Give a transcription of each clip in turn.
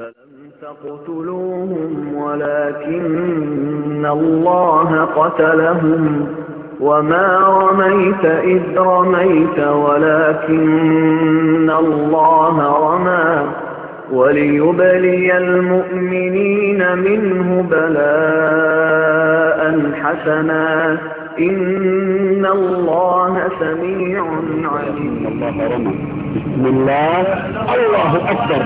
فلم تقتلوهم ولكن الله قتلهم وما رميت إذ رميت ولكن الله رمى وليبلي المؤمنين منه بلاء حسنا إن الله سميع عليم بسم الله الله أكبر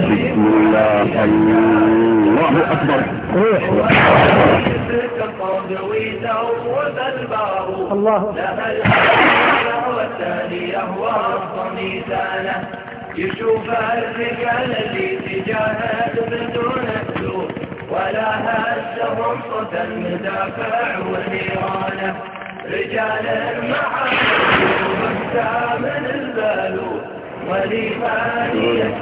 بسم الله الله أكبر روح الله يشوف الرجال اللي تجاهد بدون السوء ولا هزهم صوتا المدافع ونيرانه رجال المحارم مستعمل البالو يهديه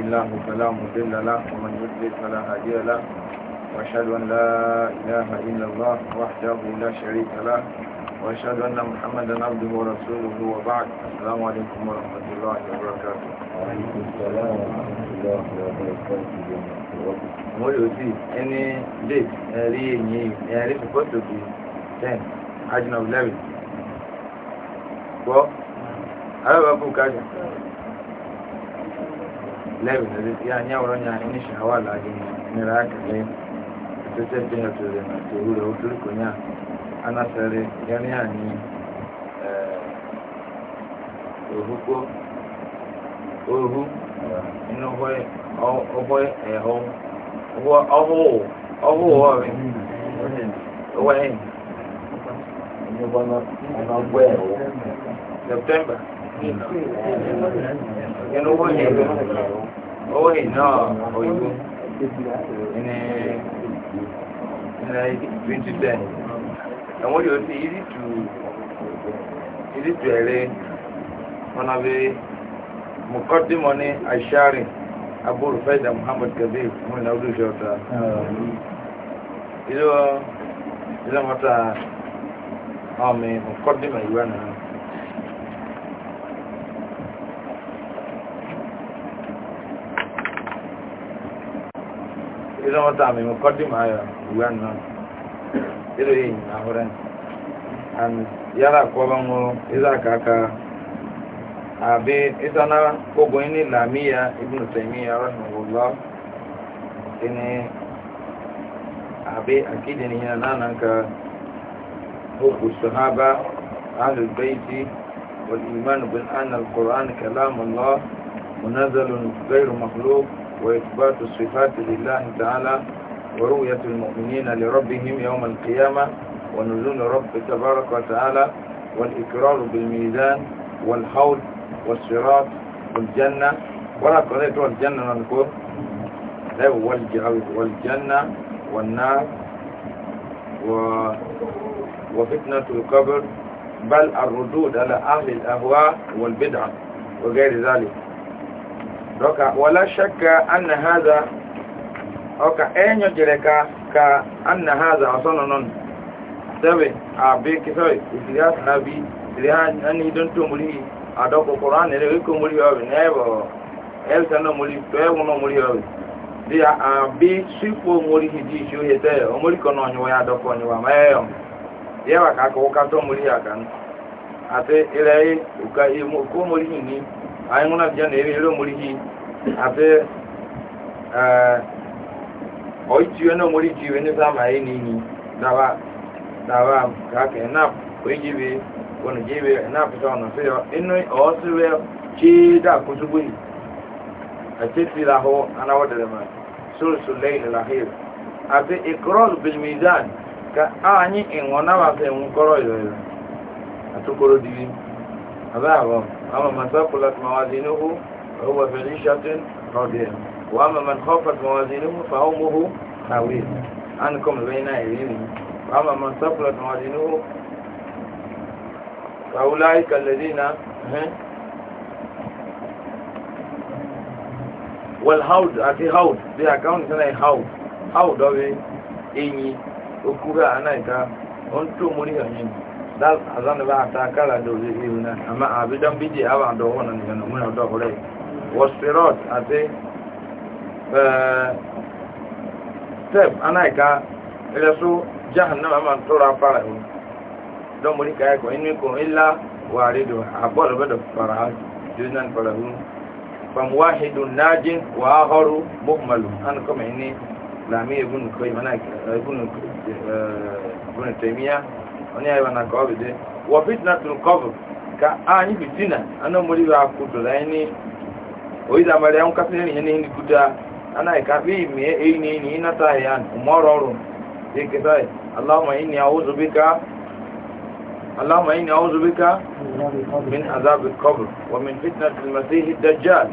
الله فلا مضل له ومن يضلل فلا هادي له واشهد ان لا اله الا الله وحده لا شريك له واشهد ان محمدا عبده ورسوله وبعد السلام عليكم ورحمه الله وبركاته وعليكم السلام ورحمه الله وبركاته Morioti, any date, ẹ̀rí èyí, ẹ̀rí supposed to be ten, agin of eleven. Gbọ́, alábàákù kájà. Eleven ẹ̀rí tí a ní àwòrán ní àní ṣe àwọn àlàyé nira àkàlẹ́ ìtẹ́tẹ́ tí a tó rẹ̀ náà tó rẹ̀ ó torí kò ní à. Anásẹ̀rẹ̀ yẹn ní àní òhúkó, òhú, inú ọ̀họ́ ẹ̀họ́. هو أهو أهو هو هو إيه سبتمبر كان هو هنا هو هنا هو in like 2010 and what you see easy to easy to arrange one of the mukaddi money i sharing abu rufaida muhammad kabir mun na wudu shauta ilo ilo mata ame mukodi ma iwana ilo mata ame mukodi ma ya iwana ilo yin na horan an yara ko bango iza kaka àbí ìtọ́nà gbogbo ní làmíyà ibùn رحمه الله ìní àbí àkídì ní yẹn náà nǹka gbogbo sọ̀hábà alùbẹ́ẹ̀tì والإيمان بالان القرآن كلام الله منزل غير مخلوق وإثبات الصفات لله تعالى ورؤية المؤمنين لربهم يوم القيامة ونزول رب تبارك وتعالى والإكرار بالميزان والحول والصراط والجنة ولا قضيت والجنة نذكر والجنة والنار و... وفتنة القبر بل الردود على أهل الأهواء والبدعة وغير ذلك دوكا ولا شك أن هذا أوكا أين يجريكا كأن هذا اصنعنا سوي أبيك سبي إسلام نبي إسلام أني دنتم لي adoko Quran ne ko muri el muri e muri di a bi sipo muri hiji shu hete o muri kono nyo ya adoko nyo ma mayo ye wa ka ko ka to muri ya kan ate ile uka i mu ko muri ni ayi um muri hi ate eh muri ni ka ke na ko ji wọn jẹ́ ìwé náà pẹ̀tọ́ ọ̀nà sí ọ inú ọ̀ọ́sí rẹ̀ kí dàkútú gbé àti tìlà hó anáwọ̀ dẹ̀rẹ̀ mọ́ sóòsù lẹ́yìn làhír àti ìkọ́rọ̀lù bìlmìdán ka ààyè ìwọ̀n náà wà fẹ́ ń kọ́rọ̀ ìrọ̀rọ̀ àtúkọ̀rọ̀ dìbí àbáàbọ̀ àwọn masakula tó máa wá sí inú hó ọwọ́ fẹ̀lí ṣàtún rọ̀dẹ̀ wàá mọ̀mọ́ kọ́fà tó máa wá sí inú hó fàá ọmọ hó kàwé ànkọ́m lẹ́yìn náà ìrírí wàá mọ̀mọ́ sakula tó máa wá sí inú hó فأولئك الذين والهود أتي هود دي أكاونت أنا هود هود أوي إني أكورا أنا إكا أنتو مريه أنين dal azan ba ta kala do zai yi na amma abidan biji aba do wannan ne mun da hore wasirat ate eh step anaika ila su jahannama man tora fara eh? don muri ya ko inu ko illa waridu abol bedo fara juznan falahu fam wahidu najin wa akharu muhmalu an kuma ini lami ibn koy mana ibn ibn taymiya oni ayi wana ko bide wa fitnatul ka ani fitina ana muri a ku to o an ni ni kuta ana ka bi me e ni na ta yan اللهم إني أعوذ بك من عذاب القبر ومن فتنة المسيح الدجال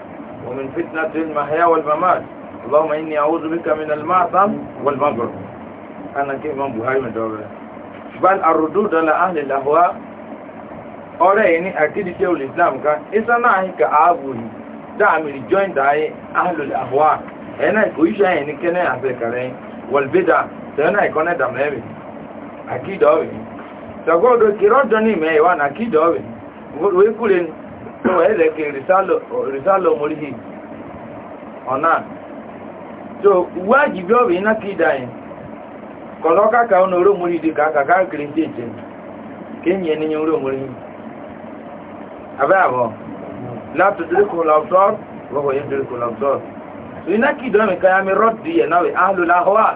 ومن فتنة المحيا والممات اللهم إني أعوذ بك من المعصم والمقر أنا كيف من بهاي من دوبة بل الردود على أهل الأهواء أولئي يعني أكيد شيء الإسلام كان إسانا هيك أبوه دعمي join داي أهل الأهواء أنا كويشة يعني هنا كنا أفكارين والبدع سأنا كنا دمامي أكيد أوي sọgọ́dọ̀ kìrọ́ dán ní ìmẹ́ ìwà nà kí ìjọ́ rẹ̀ wékúrẹ́ tó ẹ̀rẹ̀ kì rìsálọ̀ mọ́ríhì ọ̀nà tó wájìbí ọ̀rẹ̀ iná kí ìdáyìn kọ̀lọ́ káka ọ̀nà oró mọ́rí di kàkà káàkiri sí ètè kéyìn ẹni oró mọ́rí abẹ́ àbọ̀ látò dúrékùn lọ́pọ̀ wọ́pọ̀ yẹn dúrékùn lọ́pọ̀ iná kí ìdọ́mì káyàmí rọ́ọ̀dì yẹ̀ náà wẹ̀ áhùlù láhọ́wà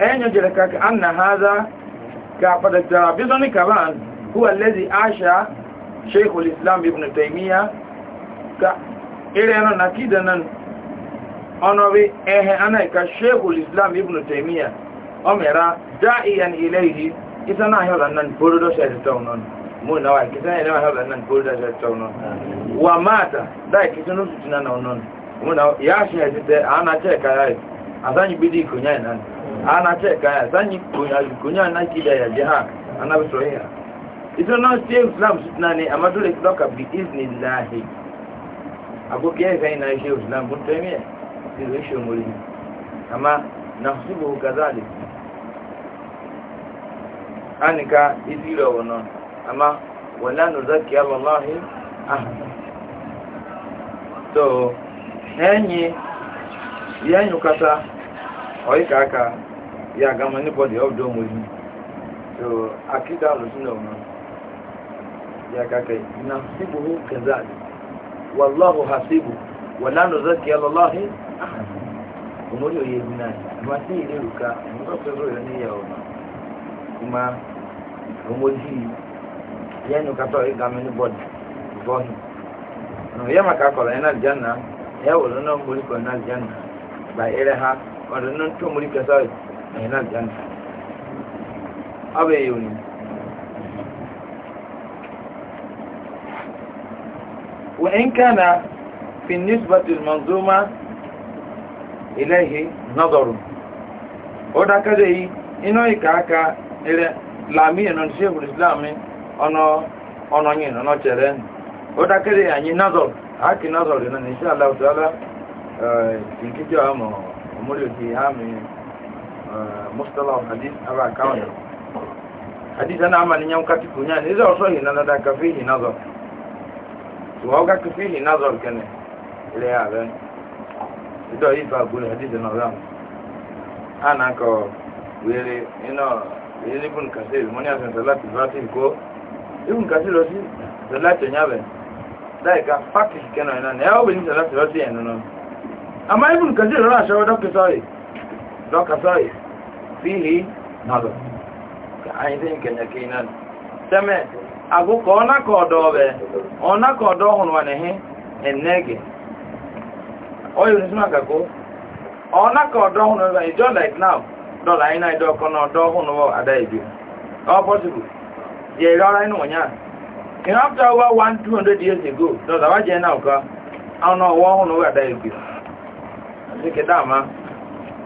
أين يجرك أن هذا كعبد الترابيزوني كمان هو الذي عاش شيخ الإسلام ابن تيمية إلينا نكيدنا أنوي إيه أنا كشيخ الإسلام ابن تيمية أمرا داعيا إليه إذا نحيو لأننا بردو سيدتونون mun nawa kisan yana mahal annan ko da ta tauno wa mata da kisan su tunan nan mun ya shi ya ce ana ce kai azan bidi kunya nan ana ce kaya zanyi kunya na kida ya jiha ana bi soyayya ita na ce islam suna ne amma dole ki dauka bi iznin lahi abokin ya kai na shi islam kun ta miya ki zo shi muri amma na su bu kaza ne anika izira wannan amma wala nu zakki allah ah to yanyi yanyu kasa oyi ka aka ya gama anybody ọdọ omori so akida alusuna ọna ya kaka na sibuhu kazali wallahu hasibu wala nuzaki alallahi omori oye gina ma si ile ruka nígbà tó sọrọ yẹn níyà ọna kuma omori yẹn nu katọ ya gama anybody before him ya maka kọrọ yẹn na janna ya wọlọ náà omori kọrọ na janna ba ere ha ọdọ náà tó omori kẹsàrẹ ẹ̀yìn náà jáde abẹ́ ẹ̀yọ̀ ni. وإن كان في النسبة المنظومة إليه نظر وده كده إنه يكاكا إلى لامي أن شيخ الإسلام أنا أنا ين أنا ترين وده كده يعني نظر هاكي نظر إن إن شاء الله تعالى في كتير أمور أمور في هامي mustala of hadith aba account hadith ana amali nyam kati kunya ni zo so hina na da ka fi hina zo to wa ga ka fi hina zo kene ile ya be ido yi ba gulu hadith na ram ana ko wele ino ile bun kasir mo ni asan salati fati ko ibun kasir o si salati nyabe dai ka fakis keno ina ne o bin salati fati eno no ama ibun kasir ra shawo dokta دوكا صايف فيه نظر كعيدين كنكينا سمع أقول كونا كودو بي أنا كودو هنوانه النجي oyo nisima kako ona ka ọdọ ọhụrụ ebe just like now dọla anyị na ọkọ ọhụrụ ada ọ possible in one years ago wa je na ụka ọnụ ọhụrụ ada dama.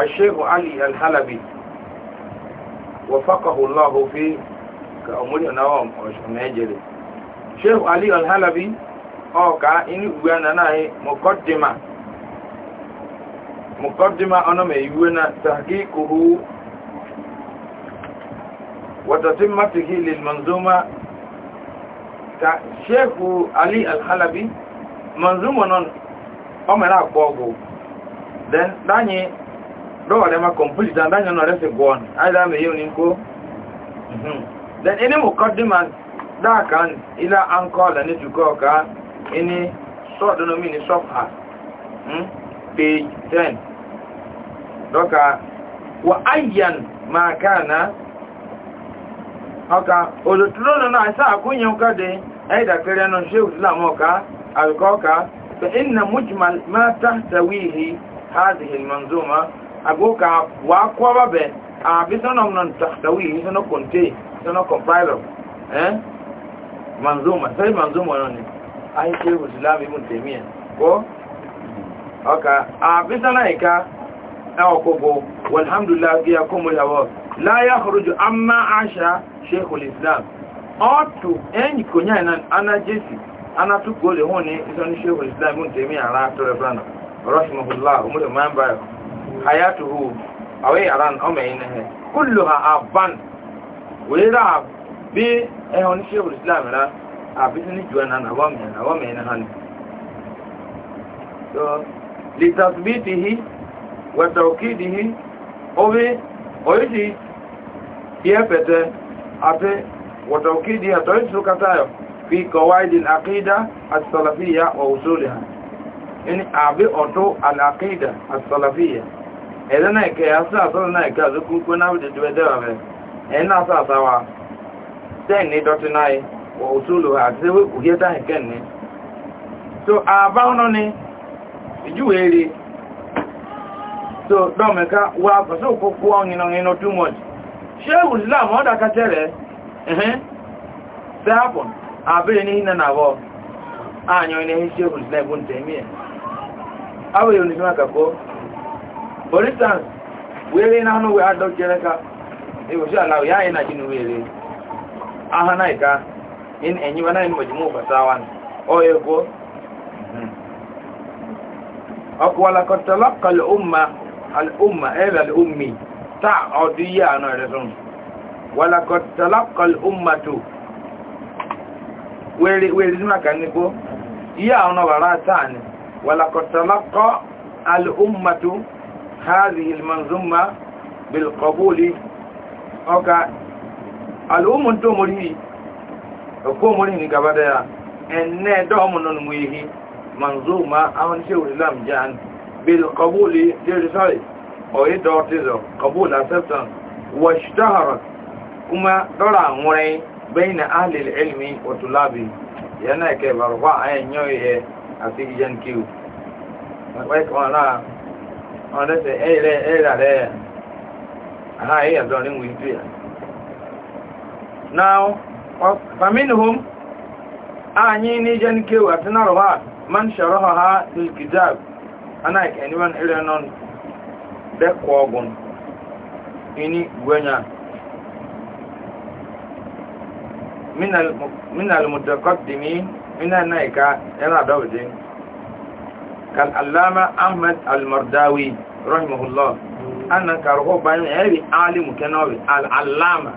الشيخ علي الحلبي وفقه الله في كأمور نوام وشمهجري الشيخ علي الحلبي أو كا إني أنا ناهي مقدمة مقدمة أنا ميونا تحقيقه وتتمته للمنظومة كشيخ علي الحلبي منظومة أمرا قوغو then danye dọ́wà lẹ́mà complete and náà rẹ́sì gọ́ọ̀n àìdá mẹ́yẹ́ ní kó then mú kọ́ dìmà dáàkà ilá ankọ́ọ̀lẹ̀ ní jùkọ́ ọ̀ká inú sọ́ọ̀dọ́nọ́mí ní sọ́fà page 10 dọ́ka wà áyàn máa káàná ọka olùtúrọ́nà náà sáà kúnyẹ̀ ọkọ́dé ẹ̀dàkẹ́rẹ́ náà ṣe ìsìlámù ọ̀ká ọ̀ká agoka wa kwa babe a bi sana mnan tahtawi sana konte sana compiler eh manzuma sai manzuma nani ai sai islam ibn taymiya ko aka a bi sana ika aw kogo walhamdulillah ya kumul hawa la yakhruju amma asha shaykhul islam otu enyi konya nan anajesi anatu gole hone isoni shaykhul islam ibn taymiya ra to refana rahimahullah umur mamba hayatuhu awe aran o me he he kulluha aban wera bi e hon shebul islam ra abi ni juana na wa me na wa me na han so li tasbitihi wa tawkidihi obi oyisi yepete ate wa tawkidi atoyisu katayo fi qawaidil aqida as-salafiyya wa usuliha yani abi oto al akida as ẹ̀dẹ́ náà kẹ́ asọ́ àsọ́rọ̀ náà kẹ́ àzókú kó náà ẹ̀dẹ́ ọ̀rẹ́ ẹ̀ náà sọ àsáwà ní dọ́tí náà wọ̀ òṣùlù àti òye táyì kẹ́ni so àbá ọ̀nà ni ìjúwèé rí so dọ́mẹ̀ká wà pẹ̀sẹ̀ òkókó ọ̀yìnà too much ṣé for instance were na anụ wee adọ jere ka egosi ala ya anyị na ji n'uwere aha na ịka enyiwa naanị majimu fasawa ọya ego ọkụwala kọtalọka al'umma al'umma ebe eh, al'ummi ta ọdụ ihe anọ eresun eh, wala kọtalọka al'umma to were zima ka nnukwu mm-hmm. ihe anọ bara taa ni wala kọtalọka al'umma to هذه المنظومة بالقبول أوكا الأم الدمره القمر نقبضها أن دعمنا نمويه منظومة أو نشيو الإسلام جان بالقبول لرسالة أو يدورتزو قبول acceptance واشتهرت كما دورا مرين بين أهل العلم وطلابه yana ke barwa a yanyoyi a cikin yankiyu. Akwai kamar ọ̀n dẹ́sẹ̀ ẹ̀rẹ̀ ẹ̀rẹ̀ rẹ̀ àhá ẹ̀yà dọ̀ ní wùí tó yà now faminhum anyi ah, ni jan kewa tunar ha ha lil kitab ana ah, ke anyone irin non e, e, da kogun كالعلامة أحمد المرداوي رحمه الله أنا كارهو بين أبي عالم كنوي العلامة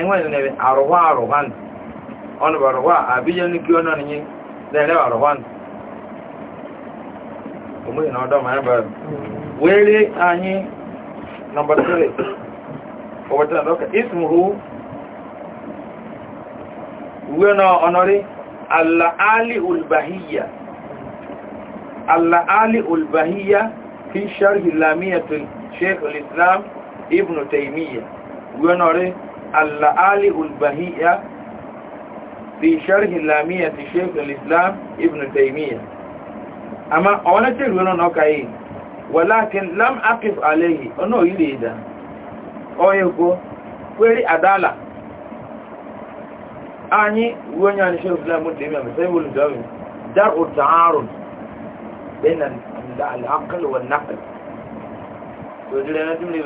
إنه نبي أروى أروان أنا بروى أبي جني كيونا نيجي ده نبي أروان ومي نودا ما يبى ويلي أني نمبر ثري وبتنا لك اسمه وينا أنوري العالي البهية al-la'ali al-bahiyya fi sharhi lamiyatul sheikh al-islam ibn taymiyyah gwanore al-la'ali al-bahiyya fi sharhi lamiyatul sheikh al-islam ibn taymiyyah ama ona te runo no kai walakin lam aqif alayhi ono ilida oyego kweri adala anyi wonya ni sheikh al-islam ibn taymiyyah sai wul dawi dar'u بين العقل والنقل وجل أنا تملي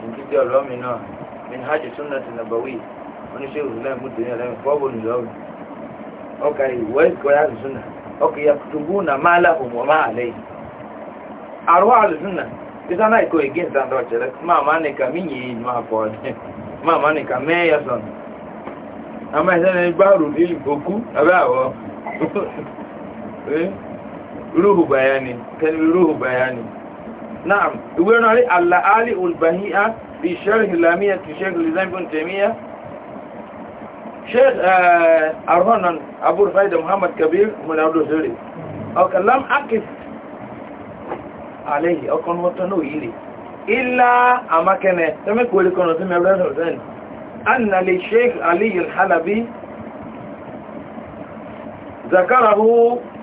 من كتير رامنا من حاجة سنة النبوية wani shehu islam mutu ne alamin kwabo ne zaune ọka yi wai kwaya da na ọka ya tubu na mala umama alai arwa da suna na iko igin san da wacce ma ma ne ka min yi ma ko ma ma ne ka ya روح بياني كان روح بياني نعم يقولون علي اللعالي البهيئة في شرح اللامية في شرح الليزان بن تيمية شيخ أرهنان أبو رفايد محمد كبير من أبو سوري أو كلام أكف عليه أو كان وطنه إلي إلا أما كان تمك ولكن أتم أبو رفايد أن للشيخ علي الحلبي ذكره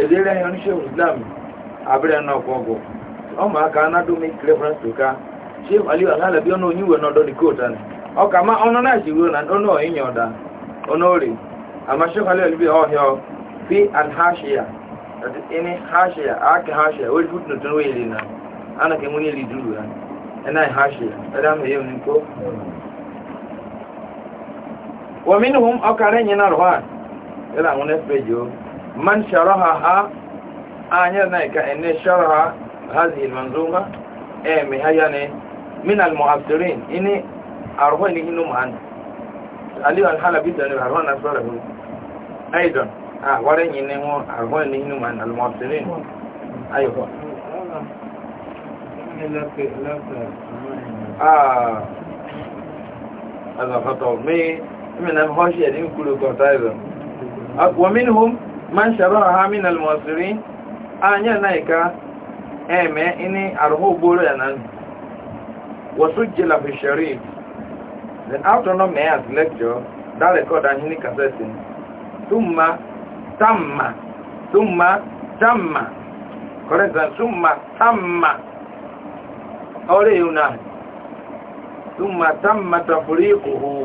edere ya oníṣẹ́ islam abẹ́rẹ́ náà kọ́ ọmọ aka make reference to ká ṣé aliyu alálẹ̀ bí ọ̀nà oníwèé náà dọ́ni kóòtù ni ọkà má ọ̀nà náà ṣe wúro náà ọ̀nà ọ̀dà ọ̀nà òrè àmọ́ ṣé aliyu alẹ́ fi an náà man sharaha ha anya na ka ene sharaha hazi manzuma e eh, mi haya ne min al muafsirin ini arho ni hinu man ali al halabi da ne arho na sura hu aidan ah ware ni ne mo arho ni hinu man al muafsirin ayo ah هذا خطأ مي من هم هاشي يعني كله كتائب ومنهم man sharaha min al-mu'assirin anya naika eme ini arho boro ya nan wasujjila fi sharid then after no me as lecture that record and hini cassette thumma tamma thumma tamma correct that thumma tamma ore una thumma tamma tafriquhu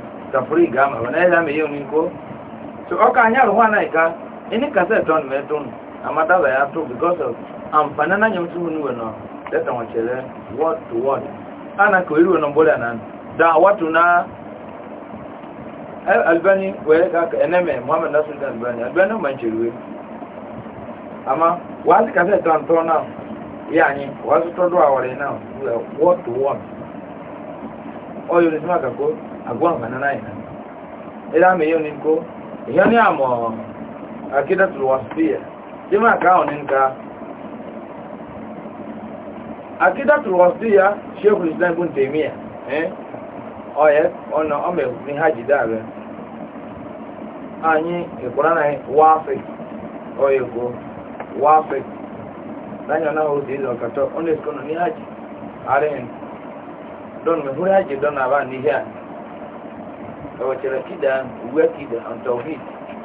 tafuri gama wọn ẹ̀rọ àmì yóò ní so ọkà anyá ló wà náà ìka anyị kàtà ẹ̀tọ́ ni mẹ́tọ́ nù àmàdàbà yà tó because of àǹfààní náà nyẹ́mu tún leta náà word to word ana kò irú na bọ́lẹ̀ náà da wàtò náà ẹ alibani wẹ̀ kàkà ẹnẹ́mẹ̀ muhammed nasu dan alibani alibani náà mà ń kyerè wẹ̀ àmà ya ti kàtà ẹ̀tọ́ àǹtọ́ náà word to word. ọyọ ní sọ́mà kàkó àgọ́ àwọn náà yìí ẹ̀dá àmì yóò ní kó ìyá ní àmọ̀ àkídà tó wà sí tí ká ní tó wà sí ya ṣé kò ní sẹ́ńkù tèmi ẹ̀ ọ̀yẹ́ ọ ọmọ ní hajj anyị na wafik eh? na dị ịzọ katọ ọ na-esikọ nọ don me hura je don aba ni ya o chere kida uwe kida on tawhid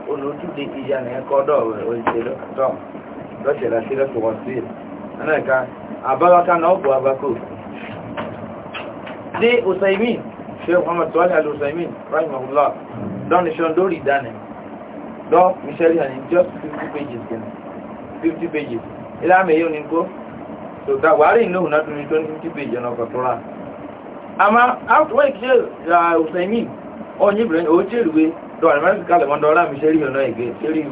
ono tu de ija ne ko do o chere to do chere sira to wasil anaka abala kan o bu abako de usaimin sheikh muhammad salih al usaimin rahimahullah don shon dori dane do michelle han just 50 pages kan 50 pages ila me yo ninko so da wari no na tu ni 20 pages na ko amma outward jail da usaimin onye ibirin oche ruwe da america le wọn dọra mi ṣeré ọ̀nà ìgbé ṣeré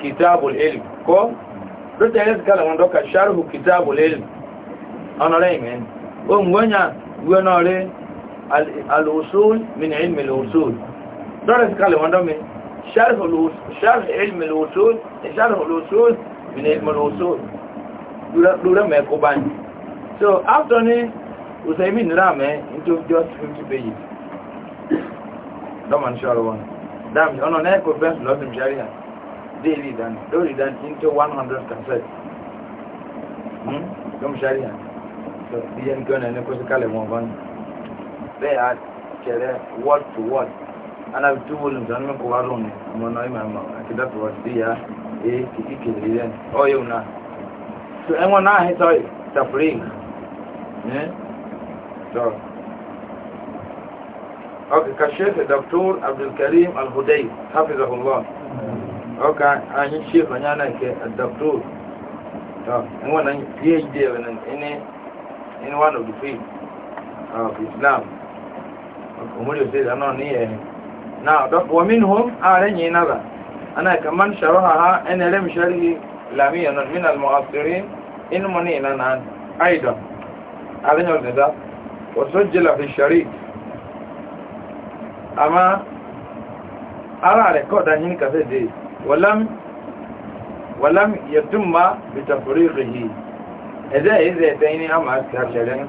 kitabul ilm kọ́ lóta america le wọn dọ́ka sharhu kitabul ilm ọ̀nàrẹ́ ìmẹ́ ohun wọ́nyà ìwé náà rí alùsùl min ilmi alùsùl dọ́ra america le wọn dọ́ mi sharh ilmi alùsùl min ilmi alùsùl lóra so after ni usemi nira me into just 50 pages Don't dọ́mà ní ṣọ́rọ̀ wọn dáàmì ọ̀nà náà kò bẹ́ẹ̀ lọ́sùn ṣàríà déèlì ìdáni lórí ìdáni into 100 cassette lọ́mù ṣàríà so iye nìkan náà ní kó sí kálẹ̀ wọn bọ́ni bẹ́ẹ̀ á kẹrẹ word to word ana bi two volumes ọ̀nà mẹ́kọ̀ọ́ wá lónìí ọmọ náà ìmọ̀ àmọ̀ àti dọ́tọ̀ wọ́n sí ya èé kìkì kìlì rẹ̀ ọ̀yẹ́ òun náà so ẹ̀wọ̀n náà hẹ́tọ́ ìtàfúrẹ́ yìí أوكي كشيخ الدكتور عبد الكريم الهدي حفظه الله أوكي أنا الشيخ أنا الدكتور طب هو أنا بي إتش دي أنا إني إني وان أوف ذا فيلد أوف إسلام أمور يصير أنا نية نعم ومنهم أعلن نظر أنا كمان شرحها أنا لم شرحي لامي من المعاصرين إن مني أنا أيضا عليها النداء وسجل في الشريك أما أرى ركود هناك سيدي ولم ولم يتم بتفريقه إذا إذا تيني أما أذكر شريك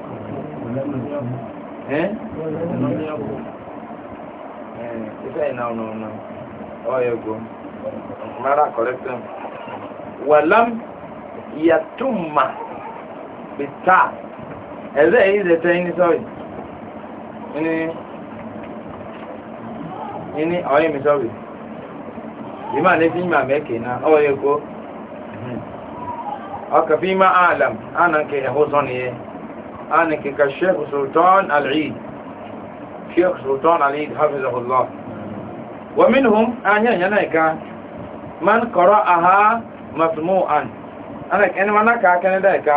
إيه؟ إيه نعم نعم نعم أو يقول مرة كوركتم ولم يتم بالتعب ẹ̀zẹ́ yìí ṣe tẹ́ ní sọ́ọ̀yì ní ní ọ̀yìn mi sọ́ọ̀yì ìmọ̀ ní fi mà mẹ́kẹ̀ náà ọ̀wọ́ yẹ kó ọkà fi ma àlàm ánàkè ẹ̀họ́ sọ́nìyẹ ánàkè ka sheikh sultan al-eid sheikh sultan al-eid hafizahullah wa minhum anya yana ka man qara'aha masmu'an ana kana manaka kana da ka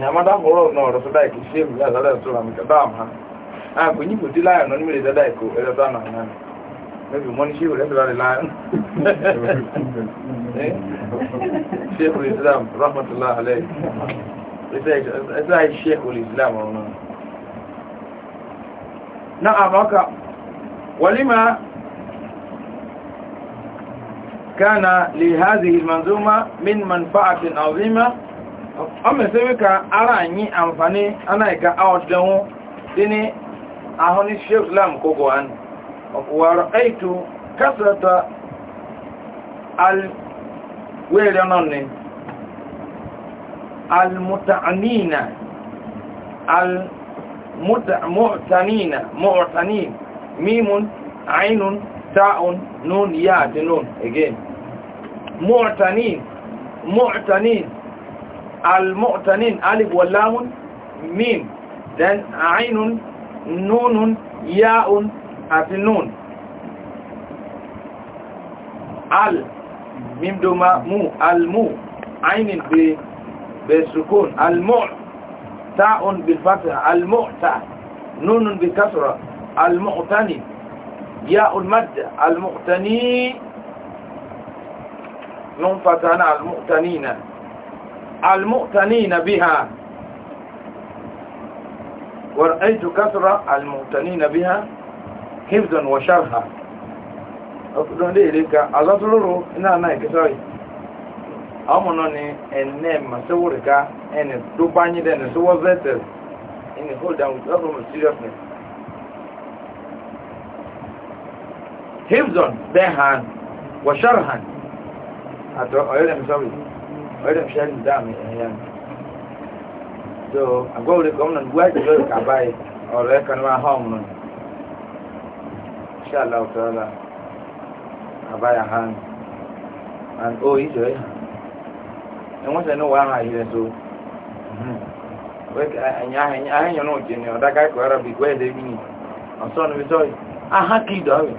nyamada horo no ro so dai ki la la so la mi ha ah ko ni la no ni dai ko e da na na me bi mon shi la sheikh ul islam rahmatullah alayhi sai sheikh ul islam ono na amaka walima كان لهذه المنظومة من منفعة عظيمة ọmọ̀sẹ̀wé ka ara yí àǹfàní anáìka àwọ̀dẹ̀wọ̀n dí ní ahun ní sheikh islam kogbo an ọkùwàrọ̀ ẹ̀tù kásàtà alwẹ̀rẹ̀ náà ni almutaanina almutaanina mu'tanin mimun ainun ta'un nun ya àti again mu'tanin mu'tanin المعتنين ألف واللام ميم then عين نون ياء أتنون ال ميم دوما مو المو عين بسكون المع تاء بالفتح المعتى نون بكسرة المعتني ياء المد المعتني نون فتحنا المعتنين المؤتنين بها ورأيت كثرة المؤتنين بها حفظا وشرها ọkùnrin lè rí ka azọ́túrúrú iná náà ìkẹsọ́ yìí ọmọnà ni ẹ̀nẹ́ màṣẹ́wòrìká ẹni tó bá yí dẹni tó wọ́n zẹ́tẹ̀ ẹni hold down with love and seriousness hifzon behan washarhan àtọ́ ọ̀yọ́dẹ̀mí sọ́rọ̀ yìí wọ́n dẹ̀ fi ṣẹ́ni dáàmì ẹ̀yẹ́ mi so àgọ́wòlé gómìnà gbájú lórí kàbá yìí ọ̀rọ̀ ẹ̀ kan máa hàn mọ́ ṣé aláwọ̀ tó ọ̀la kàbá yà hàn and ó yìí jọ yìí hàn ẹ̀wọ̀n sẹ́ni wàá hàn yìí rẹ̀ so ahẹ́yàn náà jẹ́ ni ọ̀dá káìkọ̀ ẹ̀rọ bíi gbẹ́ ẹ̀dẹ́ bíi ọ̀sán níbi sọ́ọ̀yì ahá kìí dọ̀ọ̀yì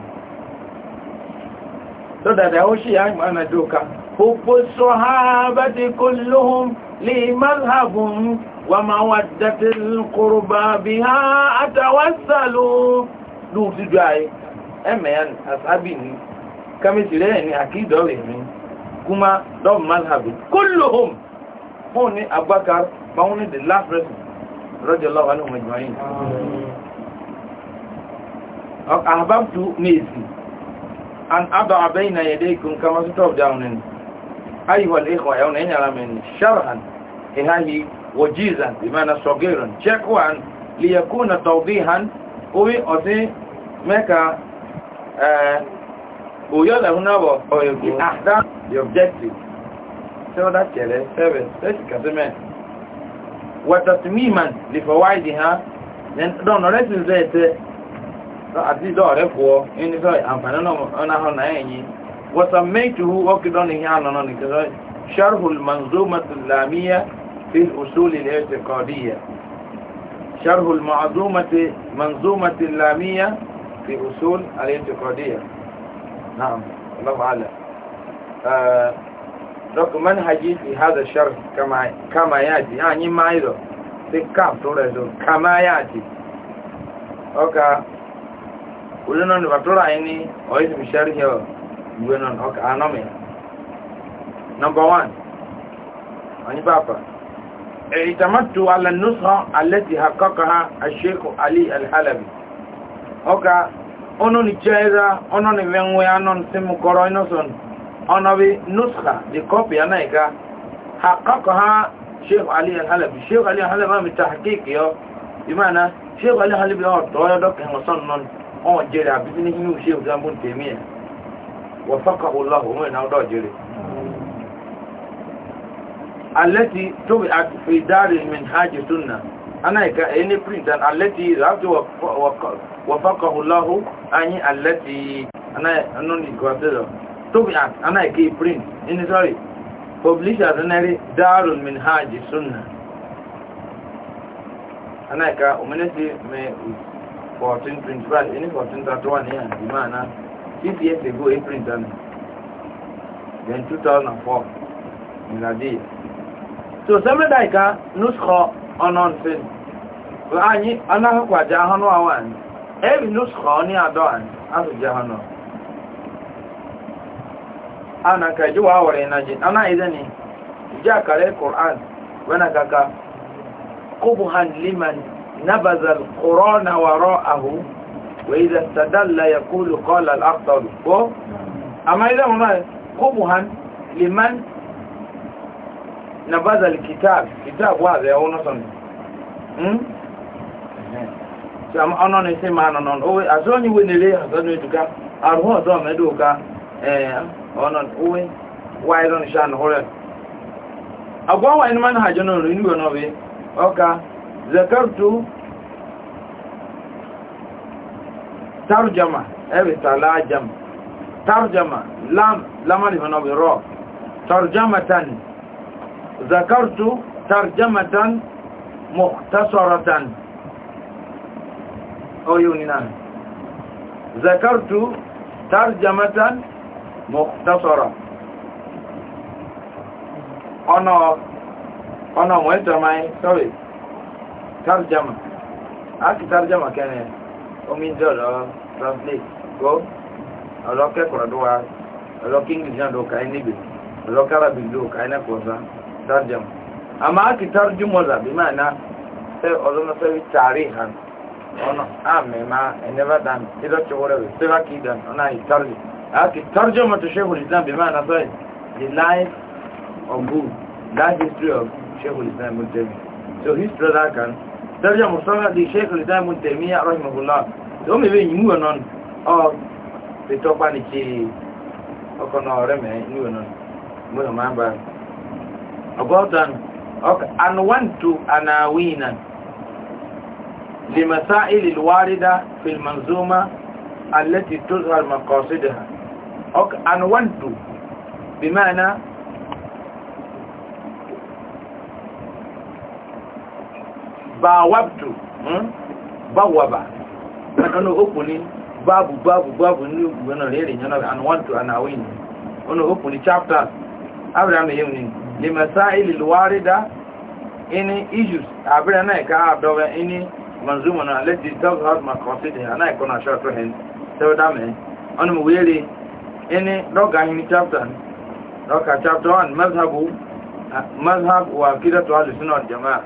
tó dàdà ó ṣì yà á ìmọ̀ ẹ̀ حب الصحابة كلهم لي مذهب ومودة القربى بها أتوسل lóò sí jọ ayé ẹmẹ̀yàn asábì ní kẹ́mẹ́sìrẹ́ ẹni àkídọ̀ rẹ̀ mi kúmá dọ́m mazhabi kulluhum fún ní agbákar báwọn ní the last person rọ́jọ́ lọ́wọ́ ní ọmọ ìjọ yìí àbábtú ní èsì and adọ̀ abẹ́yìn na yẹ̀dẹ́ ikú nǹkan mọ́sítọ̀ down ní أيها الإخوة يوم إننا من شرحا إهاي وجيزا بمعنى صغيرا شكوا ليكون توضيحا أوي أوتي ميكا ويلا هنا أحدى the objective سوى ده كده سبب سيش كده وتتميما لفوائدها لأن دون رسل زيت أدي دور أفوه إن سوى أنفانا نحن نعيني وسميته وكدون هي أنا شرح المنظومة اللامية في الأصول الاعتقادية شرح المعظومة منظومة اللامية في أصول الاعتقادية نعم الله أعلم آه منهجي في هذا الشرح كما كما يأتي يعني ما يدو تكاف تورزو كما يأتي أوكا ولنا نبطر عيني ويسم شرحه ìwé náà ọkà anọ́mì ah, nọmba wán ọ̀nyípàpà ìtàmọ́tò alẹ́nusọ alẹ́tì ha kọ́kọ́ ha aṣẹ́kù alì alhalabi ọkà ọ̀nà ni jẹ́ra ọ̀nà ni wẹ́nwẹ́ anọ́ sí mú kọ́rọ́ inọ́sọ̀n ọ̀nà bí nusra di kọ́pì anáìka ha kọ́kọ́ ha ṣẹ́kù alì alhalabi ṣẹ́kù alì alhalabi wọ́n mi ta hakíkì yọ ìmáàna ṣẹ́kù alì alhalabi ọ̀ tọ́ ọ́ dọ́kẹ́ ọ̀sán náà ọ̀ jẹ́rẹ̀ àbí وفقه الله من أو رجل التي تبعت في دار المنهاج سنة أنا كأني برينتان التي رأت وفقه الله أني التي أنا أنني قادرة تبعت أنا كي برينت إني سوري publishers أنا دار المنهاج سنة أنا كأمنتي 1425 إني 1431 يعني بمعنى six years ago april dami then two thousand and four miladi so sẹ́mi dàìka nuskọ ọ̀nọ́nsìn anyị anaghịkwa ji ahụnụ awa anyị ebi nuskọ ọnị adọ anyị asụ ji ahụnụ a na ka ji wa awara na ji ana ize ni ji akara qur'an wana kaka kubuhan liman nabazal qur'ana wara'ahu وإذا استدل يقول قال الأخطر أما إذا هنا قبها لمن نبذ الكتاب كتاب واضح هو نصن sama ọnọ na ise ma anọ nọ owe azụ onye iwe na-ele azụ onye eduka arụ ọzọ ma edo ụka ee ọnọ owe waịrị ọnụ shan hụrụ ha ọka tarjama ẹ̀rẹ̀ tàlájama tarjama lam lamari hanabi rọ tarjamatan zakartu tarjamatan muhtasaratan oyo ni nan zakartu tarjamatan muhtasara ọ̀nà ọ̀nà mọ̀ ẹ̀tọ́ mai sorry tarjama aki tarjama kẹ́rẹ̀ omi dọ̀ lọ translate kó ọlọ́kẹ́kọ̀ọ́ dó wa ọlọ́kẹ́ english náà dó ka ẹ́ níbi ọlọ́kẹ́ arabic dó ka ẹ́ náà kọ̀ọ̀sá tarjum àmọ́ a kì tarjum mọ́lá bí máa ná ṣe ọlọ́nà fẹ́ fi tààrí hàn ọ̀nà àmì máa ẹ̀ never done ìdọ̀ tí wọ́n rẹ̀ wẹ̀ sẹ́fà kì í dàn ọ̀nà ìtarjù a kì tó ṣẹ́hùn islam bí máa ná sọ the life of good that history of ṣẹ́hùn islam mú tẹ́mi so history that can ترجع مصطلح دي شيخ الإسلام ابن تيمية رحمه الله يوم يبين يموه نون أو بتوقع نكي أكونا رمي يموه نون موه ما با about an okay unwanted عناوينا لمسائل الواردة في المنظومة التي تظهر مقاصدها okay unwanted بمعنى bàwàbdù bàwàbà ọ̀nà òkú ní báàbù báàbù báàbù ní ògbùn rẹ̀ yẹn náà àwọn tó àná àwọn ọ̀nà òkú ní chapters abraham yẹn ni lè mẹ́sà ìlìlúwárìdá ini issues abẹ́rẹ́ náà àdọ́wẹ́ consider ní chapter lọ́kà chapter one mazhabu ah, mazhab wa akidatu alusunna jamaa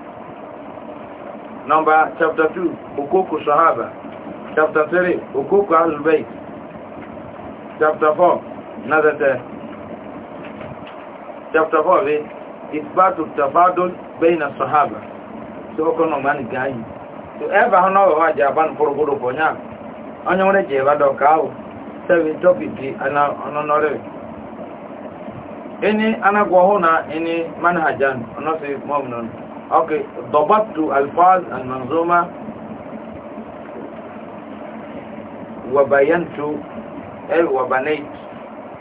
Number chapter 2, Hukuku Sahaba. Chapter 3, Hukuku Ahlul Bayt. Chapter 4, Nazate. Chapter 4 is Isbatu Tafadul Bayna Sahaba. So, kono mani gayi. So, eba hono wa jaban porogodo konya. Onye mwere jeba doka au. Seven topic di anonore. Ini anagwa hona ini manhajan. Ono si okay ضبطت الفاظ المنظومه وبينت اي وبنيت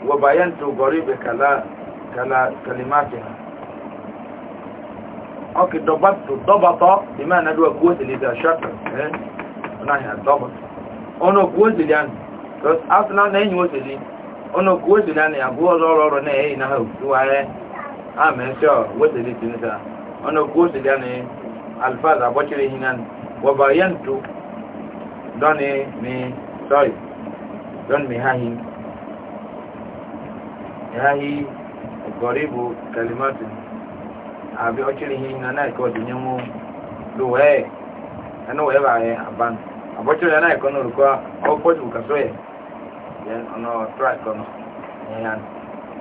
وبينت غريب كلا كلا كلماتها اوكي ضبطت ضبط بمعنى دو قوه اذا شكر ايه انا ضبط ono kuwezi liani because asina na enyi wose li ono kuwezi liani ya kuwa zoro oro na eyi eh, na ha ukiwa e eh, a mesho wose li tinisa ono gosi dani alfaz abocire hinan wa bayantu doni mi sorry don mi hahi hahi goribu kalimatu abi ocire hinan na ko dunyamu duwe ana we ba e aban abocire na ko no ko o poju ka so e then ono try ko no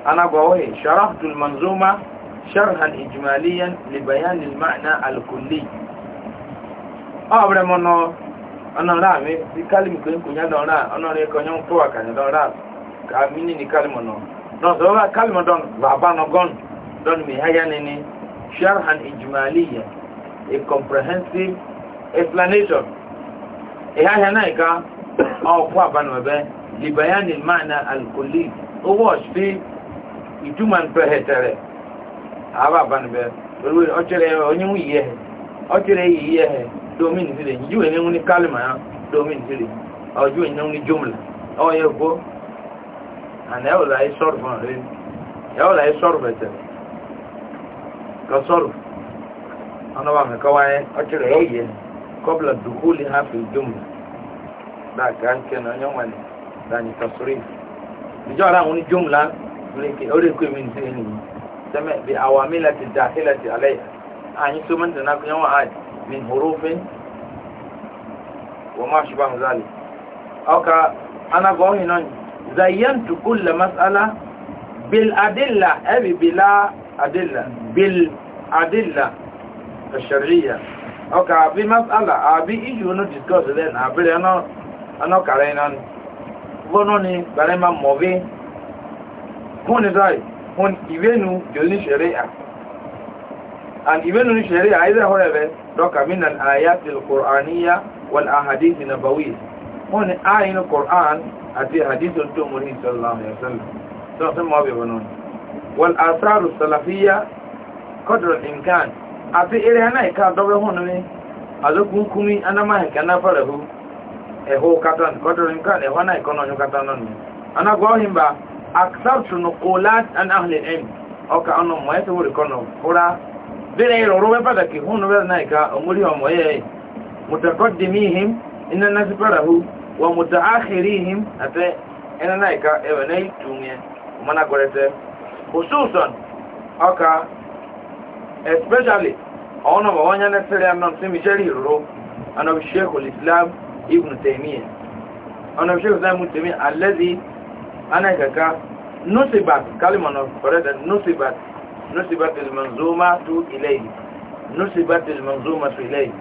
ana go we sharahtu manzuma شرحا إجماليا لبيان المعنى الكلي أبرا منو أنا لا مي دي كلمة كن كن يدون لا يوم توا كن يدون لا كاميني ني كلمة نو نو سوا كلمة دون بابا نغون دون مي هيا نيني شرحا إجماليا a comprehensive explanation إيه هيا نايكا أو فوا بانو بي لبيان المعنى الكلي هو شفي يتومان بهتره aba e olwe ochere onyenwu iye he ochere iye he domin zile juwe ne nguni kalima ya domin ziri ọ juwe ne nguni jumla o ye go ana ya sọrọ ka dukuli hafi jumla da nke na onye ne da ni tasrif ìjọ ara سمع بأواملة الداخلة عليها أعني سمنت هناك يوم عاد من حروف وما شبه ذلك أوكا أنا قوي نون زينت كل مسألة بالأدلة أبي بلا أدلة بالأدلة الشرعية أوكا أبي مسألة أبي إيجو نو discuss then أبي أنا أنا كارينا فنوني كاريما موفي هوني ذلك hun ìwénu jòlí ṣẹ̀ríà and ìwénu ní ṣẹ̀ríà ẹ̀dẹ̀ hórẹ̀rẹ̀ dọ́kà minan ayatil qur'aniya wal na nabawi wọ́n ni ayin qur'an àti hadith tó múrí sallallahu alaihi wasallam tó ń mọ́ bẹ̀rẹ̀ nù salafiya qadrul imkan àti eré hana ìka dọ́bẹ̀ hún ni kumi anamahin kana fara hu ẹ̀hó katan imkan ẹ̀hó náà ìkọ́nà ọ̀yún katan náà ni anagọ́ ọ̀hìn bá أكثرت نقولات عن أهل العلم أو كأنه ما يتوري كونه هرا بين أي رغم بدك هون بذنائك أموليهم وإيه متقدميهم إن نسبره ومتآخريهم أتى إن نائك إبني تومي ومنا قرأت خصوصا أو كا especially أونا بوانا نسري أنهم سمجري رو أنا بشيخ الإسلام ابن تيمية أنا بشيخ الإسلام ابن تيمية الذي ana kaka nusibat kalima na farada nusibat nusibat almanzuma tu ilei nusibat almanzuma tu ilei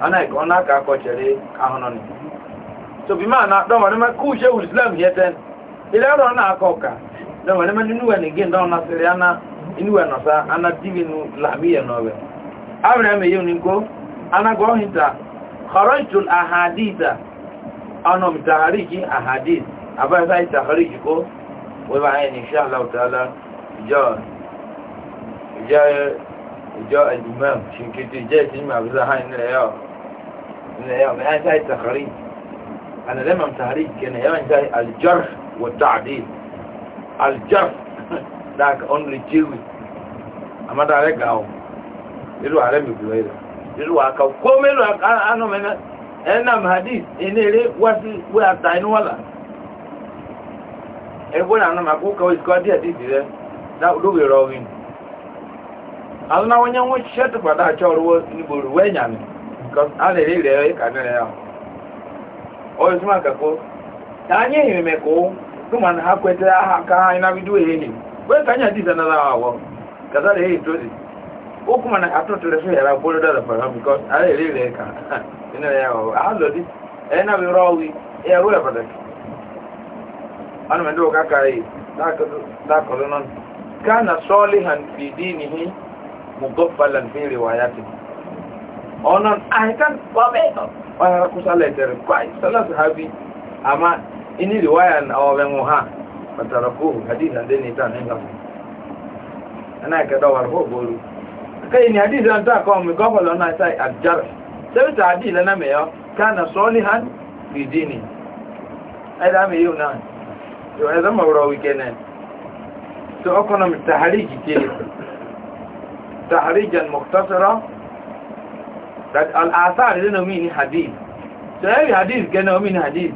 ana ka ona ka ko chere ahono ni so bi mana do ma ma ku she ul islam yeten ile ro na ko ka do ma ma nuwa ni gen do na sere ana inuwa no sa ana divinu lamiye no be abra me yuni ko ana go hinta kharajtu al ahaditha ana mtahariki ahadith abáyọ̀sá ìtàkọ́rí ìjìkó wọ́n bá yẹn ní iṣẹ́ aláwọ̀tàlá ìjọ ìjọ ìjọ ìdìmọ̀ ṣìkìtì ìjẹ́ ìsinmi àbúzá hàn nílẹ̀ yọ nílẹ̀ yọ mẹ́ àyẹ̀sá ìtàkọ́rí ànàdẹ́mọ̀ tàrí ìkẹ́nẹ̀ yọ àyẹ̀sá àlìjọ́r wọ̀tọ̀ àdé àlìjọ́r dáàkà ọ̀nà ìjẹ́wì àmàdàrẹ́ gàù nílò ààrẹ mi bùrọ̀ yìí nílò àkàwọ̀ kó mélòó àná mẹ́ná ẹ̀ na anọ maka ụka oizikọ adịghị adịdị na azụ na onye nwe achọ ọrụ wee nyami a na-ere ire na nere ya ọyụ sụma kako na anyị ehiri mekụ tụma na ha kwetara aha ka ha na bido ehihie wee ka anyị adịza na lawa awọ kaza na ehi tozi okwu mana atụtụrụ ha yara bụrụ dada fara bikọ a na-ere ire ka nere ya dị na-ere ọwụ ya ya أنا من دوك أكاي ذاك ذنون كان صالحا في دينه مغفلا في رواياته أنا أهكان بابيتو وأنا أكو صلى ترى كويس صلى صحابي أما إني رواية أو بموها فتركوه حديثا ديني تان عندهم أنا كدور هو بولو كأني حديثا تان كوم مغفلا أنا ساي أجرح سبت حديث أنا ميو كان صالحا في دينه هذا ميو نعم Oh, ya zama wura wikenan to economy tahariji ce taharijan muktasara that al'asar zai na mini hadith to yari hadith gana mini hadith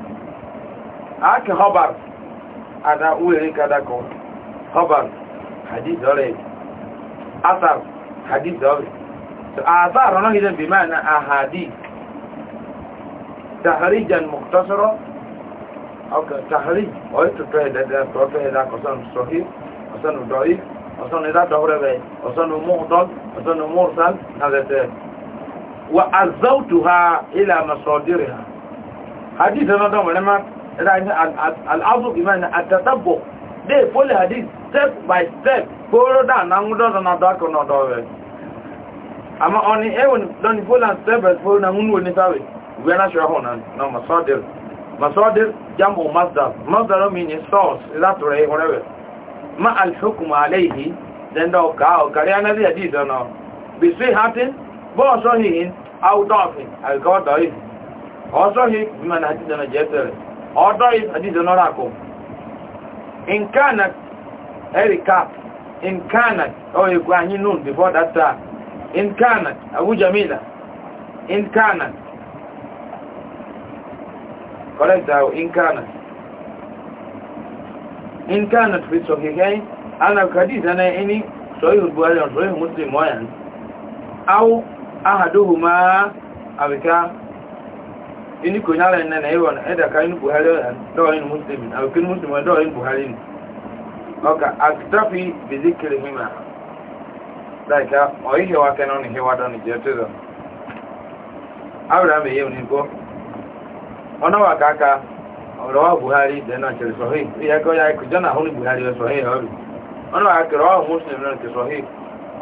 aka ah, habar a da uwere kada ko habar hadith already asar hadith already so asar ranar gidan bi ma'ana a hadith taharijan muktasara ọkà tàhárì ọ̀yẹ́ tuntun ẹ̀dẹ̀dẹ̀ tọ́tọ́ ẹ̀dá ọ̀sán sọ̀hí ọ̀sán dọ̀yí ọ̀sán ẹ̀dá dọ̀rẹ̀bẹ̀ ọ̀sán mọ́ọ̀dọ́n ọ̀sán mọ́ọ̀sán nàlẹ́tẹ̀ wà azọ́ọ̀tù ha ilẹ̀ àmàsọ̀dìrì ha hadith ẹ̀nà dọ̀mọ̀lẹ́ má ẹ̀dá ní al'azọ́ ìmọ̀ ní àtàtàbọ̀ dé fólì hadith step by step kóró dà na ngúdọ́dọ̀ na dọ́kọ̀ na dọ̀rẹ̀ àmà ọ̀ni ẹ̀wọ̀n lọ́ni fólì and step by step na ngúnú oníkàwé ìgbẹ́ náà ṣe ọ̀hún na masọ̀dìrì masadir jambo masdar masdar means source látọ̀rẹ̀ whatever ma alhukumu alayhi then da ka o kare ana bi adi dono bi hatin bo so hin out of him i go also he bi man adi dono jetere o adi dono ra ko in kana erika in kana o e before that time abu jamila in kana قرأته إن كانت إن كانت في الصحيحين أنا الحديث أنا إني صحيح البخاري وصحيح مسلم وين أو أحدهما أبكى إني كنا لنا نيوان إذا كان البخاري دوين مسلم أو كان مسلم دوين البخاري ọka akitafi bizikiri hima daika ọyí hewa kẹnọ ni hewa dọ ni jẹ tẹzọ abraham eyi onigbo ọ̀nàwà kàkà ọ̀rọ̀wà buhari dẹ̀nà kiri sọ̀hí ìyẹ́kọ́ ya ikú jọ́nà hún buhari sọ̀hí ọ̀rù ọ̀nàwà kiri ọ̀hún muslim náà kiri sọ̀hí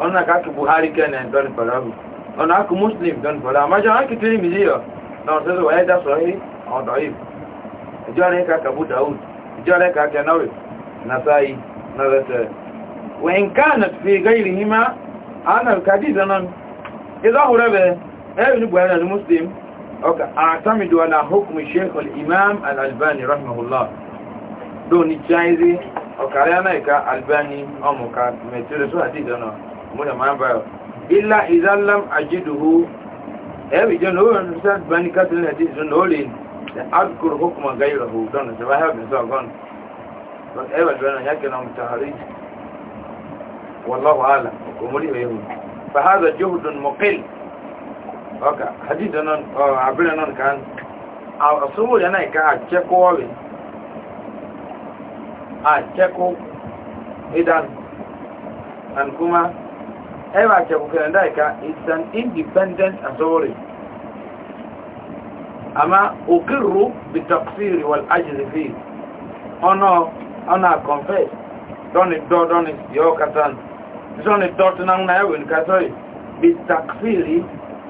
ọ̀nà kàkì buhari pẹ̀lú ọ̀rù ọ̀nà muslim dọ́nì pẹ̀lú àmájọ́ akí tiri mi yíyọ náà sọ́sọ́ wáyé dá sọ̀hí ọ̀dọ̀ yìí ìjọ́ rẹ̀ kàkà bú rẹ̀ kàkà náwì fi kàdí ẹ̀rù ní buhari ni ọkà àtàmìdò aláhùkùnmí sheikh al-imam al-albani rahimahullah lóní chaizi ọkàrẹ́ anáìka albani ọmọka mẹ́tẹ́rẹ́ tó àti ìdáná múlẹ̀ máa báyọ̀ ilá ìzálàm àjídùhú ẹ̀rì jẹ́ lórí ọ̀nà sí albani kátìlẹ̀ àti ìdáná ó lè adkùrù hùkùnmá gáyìrò hù dánà sẹ́bà hẹ́bìn sọ gọ́nà ẹ̀rì jẹ́ ọkà hadith náà abúlé náà kan àṣọwò yẹn náà ká àjẹkọ ọrẹ àjẹkọ ìdánù and kuma ẹwà àjẹkọ kẹrin náà ká it's an independent authority ama ukiru bitafsiri wal ajri fi ono ona confess doni do doni yo katan doni dot na una yawe ni katoi bitafsiri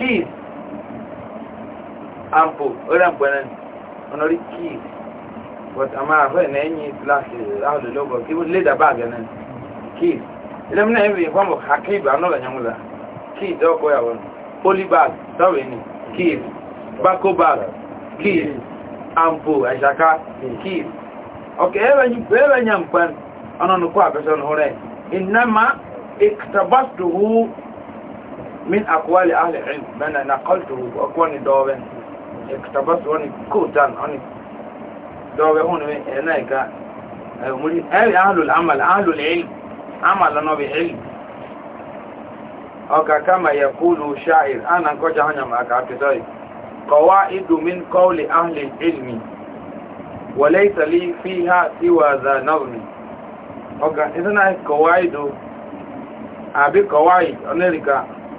kiss ampo ore ampwenen onori kiss but ama ahoe na enyi black ahụ lologo kibu leda bag enen kiss ile mna emri kwambo hakiba anola nyamula kiss oko ya won poly bag sawe ni kiss bako bag kiss ampo ashaka kiss okay ewe nyi ewe nyampwan ono nukwa pesa onore inama iktabastuhu min akwali ahli ilm bana naqaltuhu wa kwani doben iktabas wani kutan ani dobe hono me ena ka muri ahli ahlul amal ahlul ilm amal no bi ilm aka kama yakulu sha'ir ana koja hanya maka kitoi qawaidu min qawli ahli ilmi وليس لي فيها سوى ذا نظمي اوكي اذا قواعد ابي قواعد امريكا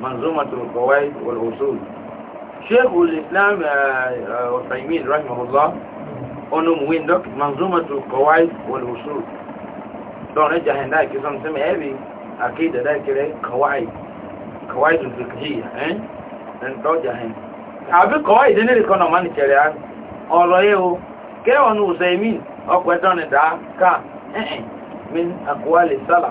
منظومة القواعد والأصول شيخ الإسلام عثيمين رحمه الله أنهم وين دوك منظومة القواعد والأصول دون نجح هناك كسام سمع أبي أكيد كده قواعد قواعد الفقهية إن إن توجه àbí kọ́ ìdílé nìkan náà máa ń tẹ̀lé á ọ̀rọ̀ yẹ́ o دا كا. من أقوال ẹ̀tọ́ ni dáa ká ẹ̀ẹ́ mi àkúwálè sálà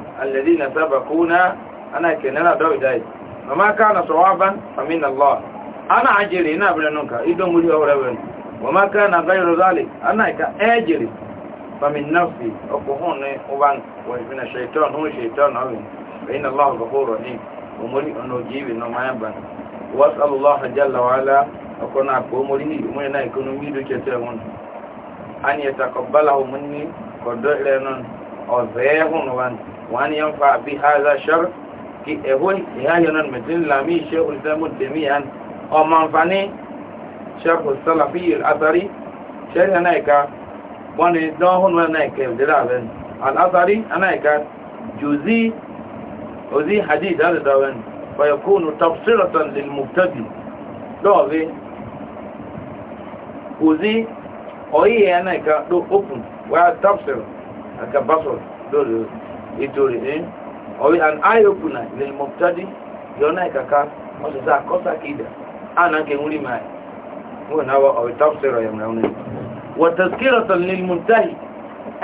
الذين سبقونا أنا كننا دو جاي وما كان صوابا فمن الله أنا عجلي أنا بلنك إدو ملي أوربن وما كان غير ذلك أنا كأجلي فمن نفسي أكهون أبان ومن الشيطان هو الشيطان أبن فإن الله غفور رحيم وملي أنه جيبي نما يبن وأسأل الله جل وعلا أكون أكو ملي أمنا يكون ميدو كتابون أن يتقبله مني قدر لنا أزيه نواني وأن ينفع بهذا الشر كي أهون إهاينا مثل لامي شيخ الإسلام الدميان ومنفعني شرح السلفي الأثري شرح نايكا وأن دون ونايكا دلابن الأثري نايكا جزي وزي حديث هذا دون فيكون تفسيرة للمبتدئ دوغي وزي أوي أنا كا دو أوبن وتفسير كبصر دو, دو ìtòrí ní ọ̀rí an eye-opener ilẹ̀ ìmọ̀pútádì yọ̀nà ìkàkà ọ̀sọ̀sọ̀ àkọ́sàkìdà ánàkè ń rí máa wọn náà ọ̀rí tọ́pùsẹ̀rọ̀ ẹ̀mùrẹ̀mùrẹ̀ wọ̀tẹ̀síkìrọ̀tọ̀ ní mùtáì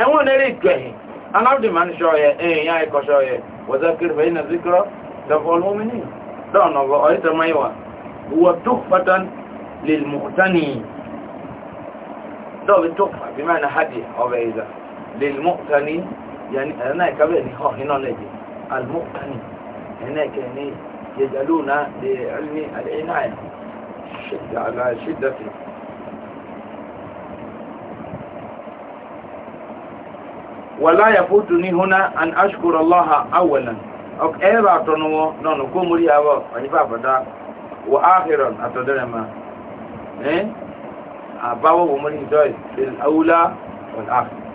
ẹ̀wọ̀n náà rí ìgbẹ̀yìn aláwọ̀dì máa ń ṣọ́ yẹ ẹ̀yìn yá ikọ̀ ṣọ́ yẹ wọ̀tẹ̀síkìrọ̀ fẹ̀yìn náà síkìrọ̀ dọ̀fọ̀lmọ́mìnì dọ̀nà ọ̀rí tẹ̀máyìwá wọ̀tọ̀fàtàn يعني أنا كبير هنا نجي المقتني هناك يعني يجعلون لعلم العناية شدة على شدة ولا يفوتني هنا أن أشكر الله أولا أكيرا تنو نونو كومري أبو أنيبا فدا وآخرا أتدرما إيه أبو ومري دوي في الأولى والآخر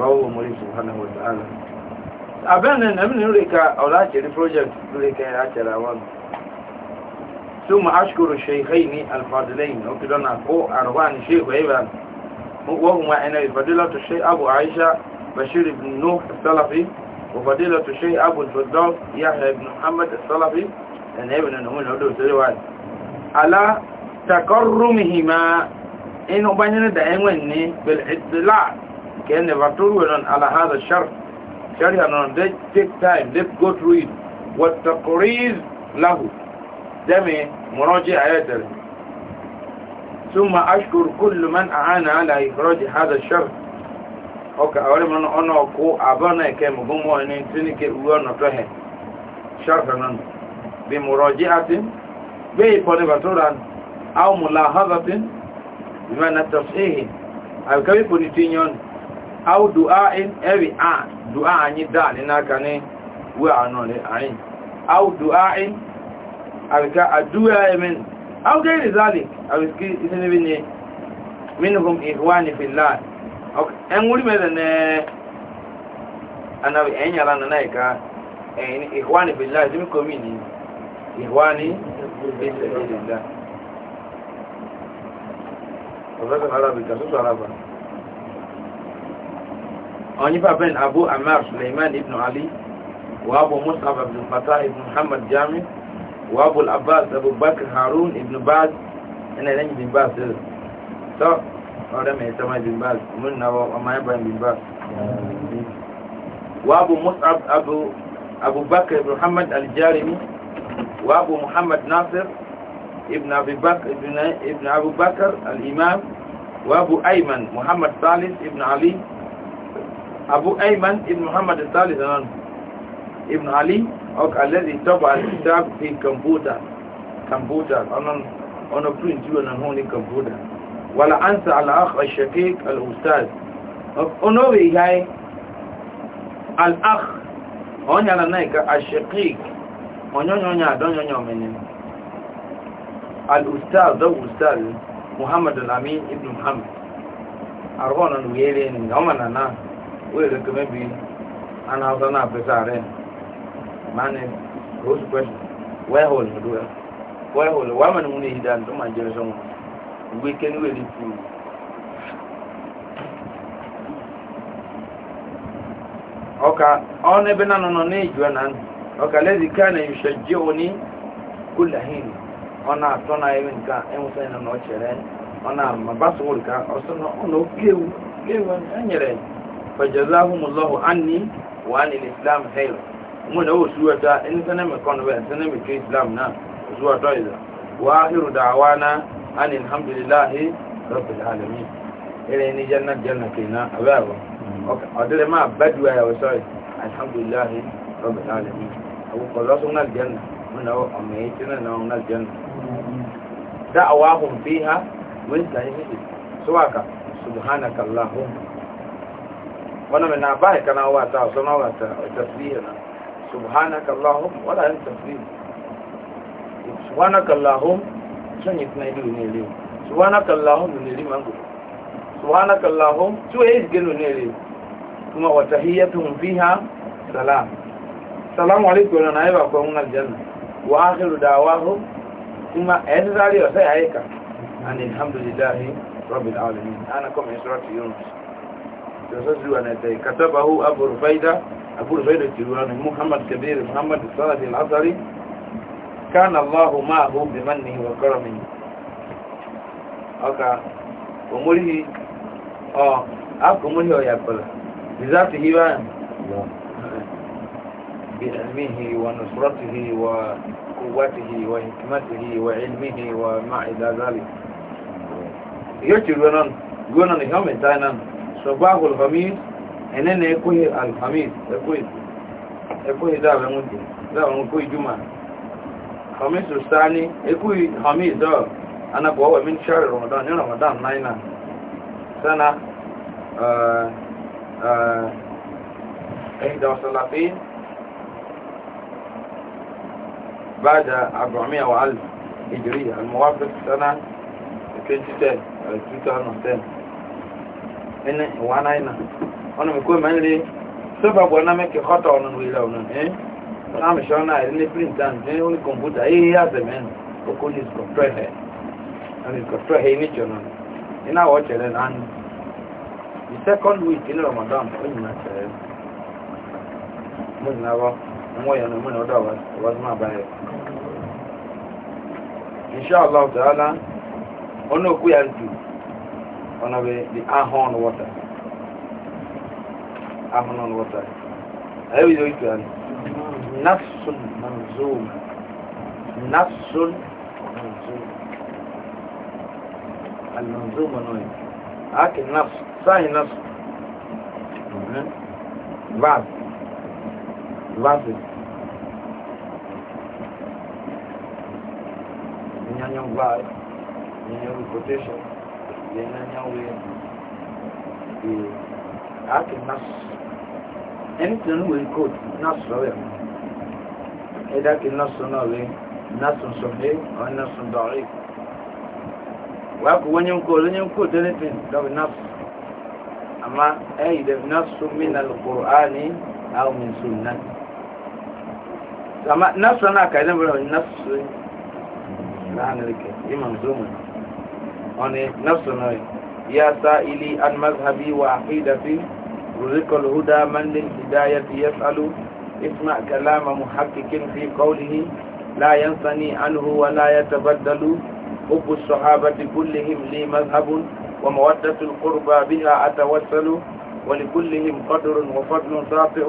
bawo mori subhanahu wa ta'ala abẹ́ni nàmínú rika ọ̀làjẹ̀rí project rika yà àjẹ̀rà wọn ثم أشكر الشيخين الفاضلين وكدنا قو أروان شيخ وإبان وهما أن فضيلة الشيخ أبو عائشة بشير بن نوح السلفي وفضيلة الشيخ أبو الفضل يحيى بن محمد السلفي أن ابن نمون هدو سلوان على تكرمهما إنه بيننا دائما بالإطلاع كان watur wenon ala hada shar sharia non ده take time they go through it wa له ده من مراجع ayatul ثم أشكر كل من أعان على إخراج هذا الشر اوكي أولي من أنا أكو أبانا كم هم وإن تنك أولا نتوه شرفا بمراجعة بي بني بطورا أو ملاحظة بمعنى التصحيح أو كيف بني تنيون aw du'a'in ewi a du'a anyi da ni n'aka ni we ano ni ayin aw du'a'in abika adu'a emin aw gairi zalik abiski isini bi ni minhum ihwani fillah en wuri mele ne anabi en yala na naika en ihwani fillah zimi komini ihwani bisabilillah Profesor Arabi, kasus Arabi. ونفع بين أبو أمار سليمان بن علي وأبو مصعب بن الفتاة بن محمد جامع وأبو العباس أبو بكر هارون بن باز أنا لم بن باز so ọ̀rẹ́ mi ìtọ́mọ bn baz mun na ọmọ ẹ̀bà bn baz وأبو مصعب أبو أبو بكر بن محمد الجارمي وأبو محمد ناصر ابن أبي بكر ابن ابن أبو بكر الإمام وأبو أيمن محمد ثالث ابن علي abu ayman ibn muhammad salih zanan ibn ali ok alladhi taba al-kitab fi computer computer onon ono print you na honi computer wala ansa al-akh al-shaqiq al-ustaz ono wi hay al-akh onya la naika al-shaqiq onyonyonya adonyonyo menene al-ustaz da ustaz muhammad al-amin ibn muhammad arwana nuyele ni omana wey dey come be an house and pesa rent man is eh, su question where hole no do eh? where hole why man mun yi dan to man jere we can we dey ọka ọ n'ebe na nọ n'ejuwa na ọka lezi ka na ji oni kula ọ na-atọ na enwesa na chere ọ na ka ọ sọ na ọ na oke ewu ewu fàjàzáhùnmùlọ́hù ánì wà ní islam hail mo da wasu wata in sanar mai convert sanar mai ke islam na zuwa toiza wa hiru da awa na an alhamdulillahi rabbil alamin ire ni jannar jannar ke na abawa ọdịrị ma baduwa ya wasu alhamdulillahi rabbil alamin abubuwan lọsọ na aljanna muna ọmọ ya ce na na aljanna وانا من أباهي كان هو أتاه وصنع هو أتاه وتسبيحنا سبحانك اللهم ولا أنت تسبيح سبحانك اللهم شن يتنايدو نيلي سبحانك اللهم نيلي مانجو سبحانك اللهم شو إيش قلوا نيلي ثم وتحيتهم فيها سلام السلام عليكم ورحمة الله وبركاته وآخر دعواهم ثم أنزل يوسف أن الحمد لله رب العالمين أنا كم إسرائيل يونس تسجل أن كتبه أبو رفيدة أبو رفيدة التلواني محمد كبير محمد الصلاة العصري كان الله معه بمنه وكرمه أكا أمره أه أكا أمره ويقبله بذاته بقى بعلمه ونصرته وقوته وحكمته وعلمه وما إلى ذلك يقولون يقولون يقولون يوم الدينان صباح الخميس هنا يكوي الخميس يكوي يكوي ده بمدي ده يكوي جمعة خميس الثاني يكوي خميس ده أنا بقوة من شهر رمضان هنا رمضان ناينا سنة آه آه إحدى وثلاثين بعد 400 وألف هجرية الموافق سنة 2010 2010 ene wana ina ona mi ko manle so ba bona me ke khata ona wi la ona eh ona mi shona ene print and ne eh? oni computer eh ya ze men o ko ni ko trehe ani ko trehe ni chona ina wa chele nan the second week in ramadan oni na chele mo na wa mo ya no mo na da wa wa ma ba eh inshallah taala ona ku ya ntu ọ̀nà bẹ the Ahon water Ahon water ayé wíjọ ìtù àná nafsun manzoom nafsun manzoom almanzoom ọ̀nà yìí àákè nafs sáyé nafs vas vas nyanyan minha nyanyan quotation yẹn náà ní àwọn èèyàn bí i àákè násù ẹni tí wọn wọ̀nyí kóòtù násù lọ́wọ́ ẹ̀ ẹ̀dá kí násù náà wẹ̀ násù sọ̀fẹ́ ọ̀ násù dọ̀rí wàá kó wọ́n yẹn kó wọ́n yẹn kó tẹ́lẹ̀ tẹ́lẹ̀ dọ̀bì násù àmọ́ ẹ̀yìn dẹ̀ násù mí nà lùkùrù áni àwọn mi sùn náà àmọ́ náà kàdé mìíràn ìmọ̀ nzọ́mù أني نفسنا يا سائلي عن مذهبي وعقيدتي رزق الهدى من للهداية يسأل اسمع كلام محقق في قوله لا ينثني عنه ولا يتبدل حب الصحابة كلهم لي مذهب ومودة القربى بها أتوسل ولكلهم قدر وفضل ساطع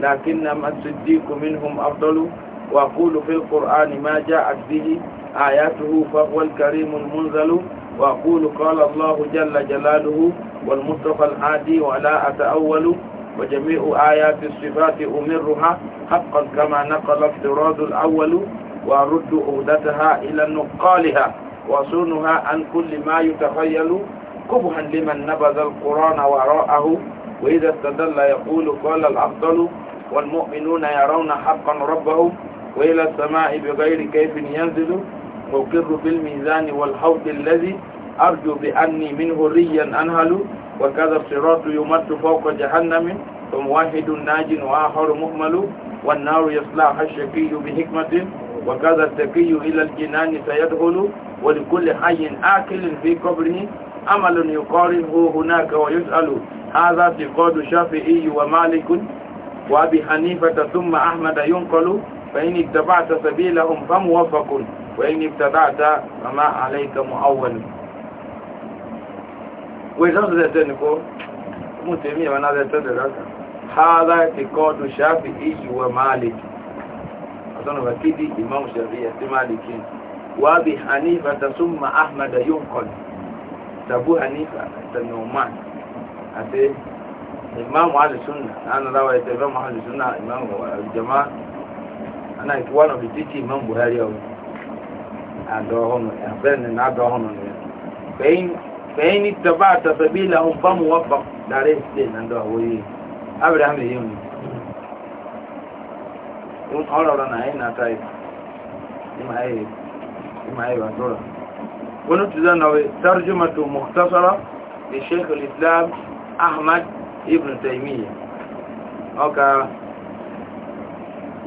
لكن من الصديق منهم أفضل وأقول في القرآن ما جاءت به آياته فهو الكريم المنزل وأقول قال الله جل جلاله والمصطفى العادي ولا أتأول وجميع آيات الصفات أمرها حقا كما نقل الطراز الأول وأرد عودتها إلى نقالها وصونها عن كل ما يتخيل كبها لمن نبذ القرآن وراءه وإذا استدل يقول قال الأفضل والمؤمنون يرون حقا ربهم وإلى السماء بغير كيف ينزل أقر بالميزان والحوض الذي أرجو بأني منه ريا أنهل وكذا الصراط يمت فوق جهنم واحد ناج وآخر مهمل والنار يصلعها الشقي بحكمة وكذا التقي إلى الجنان سيدخل ولكل حي آكل في قبره أمل يقارنه هناك ويسأل هذا تقاد الشافعي ومالك وأبي حنيفة ثم أحمد ينقل فإن اتبعت سبيلهم فموفق وإن ابتدعت فما عليك مؤول ويسان زيتين كو متمي وانا زيتين لك هذا اعتقاد الشافعي ومالك أظن وكيدي إمام الشافعي مالكي وأبي حنيفة ثم أحمد ينقل أبو حنيفة النعمان أتي إمام أهل السنة أنا رواية إمام أهل السنة إمام الجماعة أنا one of the إمام بخاري أوي أدوهن أحسن أدوهن فإن فإن اتبعت سبيلهم فموفق داري سلين أندوه ويه أبدا هم يوني يوم أولا لنا أين أتايب إما أيه إما أيه أدولا ونتزنوا ترجمة مختصرة لشيخ الإسلام أحمد ابن تيمية أوكا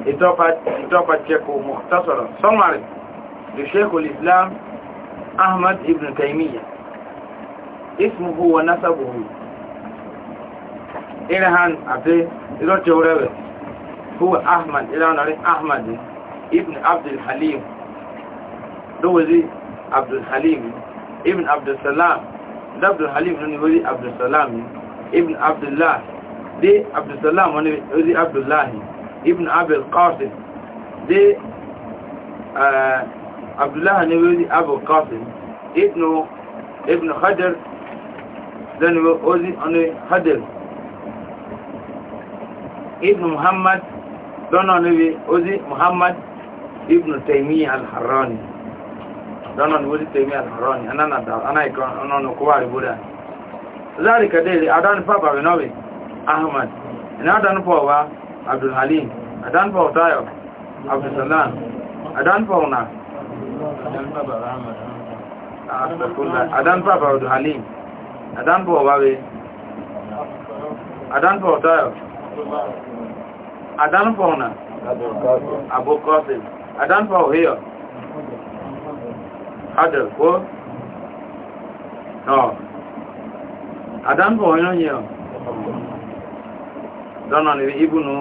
إتوفى إتوفى تشيكو مختصرة summary لشيخ الإسلام أحمد ابن تيمية اسمه ونسبه إلهان أبي إلوتي وربي هو أحمد إلهان عليه أحمد ابن عبد الحليم دوزي عبد الحليم ابن عبد السلام ده عبد الحليم نوني عبد السلام ابن عبد الله دي عبد السلام وني عبد الله ابن عبد القاسم دي آه abdullah newezi abu qasim ibnu ibn hajar dan ozi ane hajar ibn muhammad don ane ozi muhammad ibn taymiyyah al-harrani don ane ozi taymiyyah al-harrani anana da ana ikon anana kuwari buda zalika dai adan papa binobi ahmad ina adan pawa abdul halim adan pawa tayo abdul salam adan pawa na adanpa ah, bàbá halim adanpa ọ̀báwé adanpa ọ̀tọ́yọ̀ adanpa ọ̀nà abokọ́sí adanpa ọ̀híyọ̀ hadẹ̀ kó ọ̀ adanpa ọ̀yọ́nyẹ̀ dọ́nà nìrí ibùnú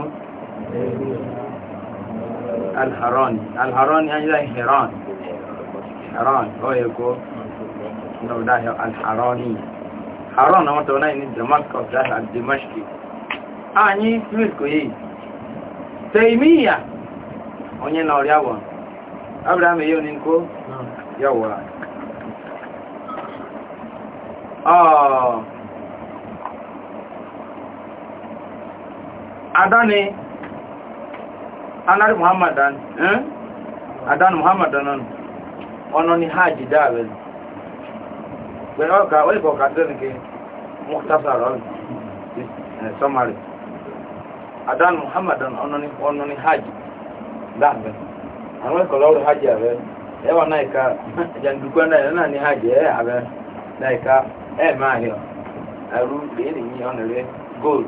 alharani alharani ayílá ìhẹ̀rán haran oye ko no da ya al harani haran na wato nai ni damascus da al dimashqi ani swiss ko yi taimiya onye na ori awon abraham yo ni ko yawa ah adani anari muhammadan eh adani muhammadan ọ̀nà ni hajj dáàbẹ̀ ni pẹ̀lú ọ̀ka ó lè kọ̀ ọ̀ka tẹ́lẹ̀ kí mọ́tàṣà rọ̀ ní sọ́mari adan muhammadan ọ̀nà ni hajj dáàbẹ̀ àwọn ẹ̀kọ́ lọ́rọ̀ hajj àbẹ̀ ẹwà náà ìka jàǹdùkú náà ní hajj ẹ̀ àbẹ̀ náà ìka ẹ̀ máa yọ ẹ̀rú lẹ́yìn ìyẹn ọ̀nà rẹ̀ gold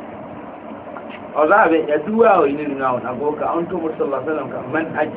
ọ̀záàbẹ̀ ẹ̀dúwà òyìnbó náà ọ̀nà gbọ́ ka ọ̀ntọ́ mọ́tàṣà lọ́sẹ̀lẹ̀ kan mẹ́n hajj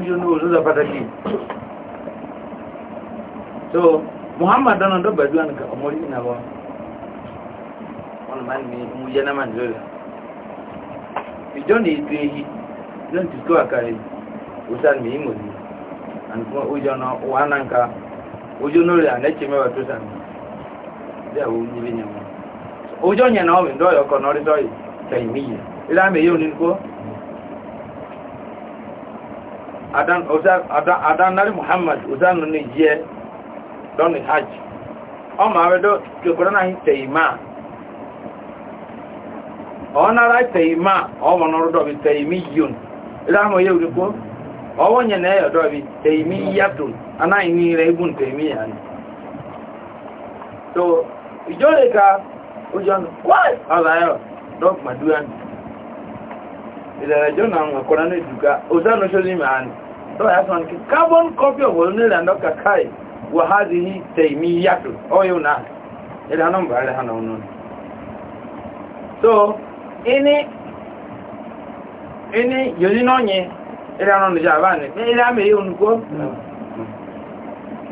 kujo nuwo zuza pataki so muhammad dana do ba duwan ka omori ina ba wani mani ne mu je na man zola ijo ne ito ehi don ti ko akare usan mi imo ni an kuma ujo na wanan ka ujo nori a nece mewa to san da wo ni bi nyama ujo nyana o mi ndo yo ko nori mi ila me yo adan nari muhammad ozanu ni je don ni hajj o ma we do ke ko na hite ima o na ra te ima o mo no do bi te imi yun ila mo ye uri ko o wo nye na ye do bi te imi yatun ana ni re ibun te imi ya ni so ijore ka ojan why ala yo dog maduan ìdẹ̀rẹ̀ jọ́nà àkọ́nà ní ìdùgá òsánà ṣọ́lì màánì lọ́wọ́ yá sọ́nà kí carbon copy of olóòrìn àndọ́ kàkáì wà há di ní tẹ̀mí yàtọ̀ ọyọ́ náà ìlànà bàárẹ̀ hànà ọ̀nà so ini ini yòlí náà yẹ ìlànà ìjà bá ní ilé àmì èyí onùkó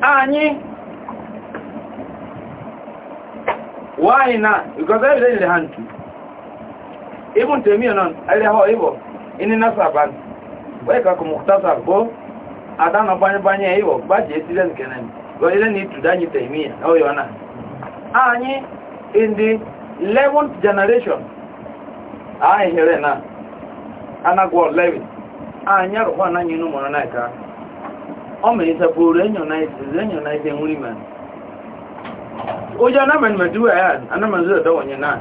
ààyí wáyìí náà ìkọ̀sẹ́ ìlẹ́ ìlẹ̀ hàn ibn taymiyyah nan aliho ibo ini nasaban wai ka ku muhtasar ko adana banye banye ibo ba je tilen kenen go ile ni tudanyi taymiyyah o yona anyi in the 11 generation ai here na anagwo levi anya ro na nyinu mo na ka o me isa puru enyo na isa enyo na isa nwuri na men medu ya ana manzo da na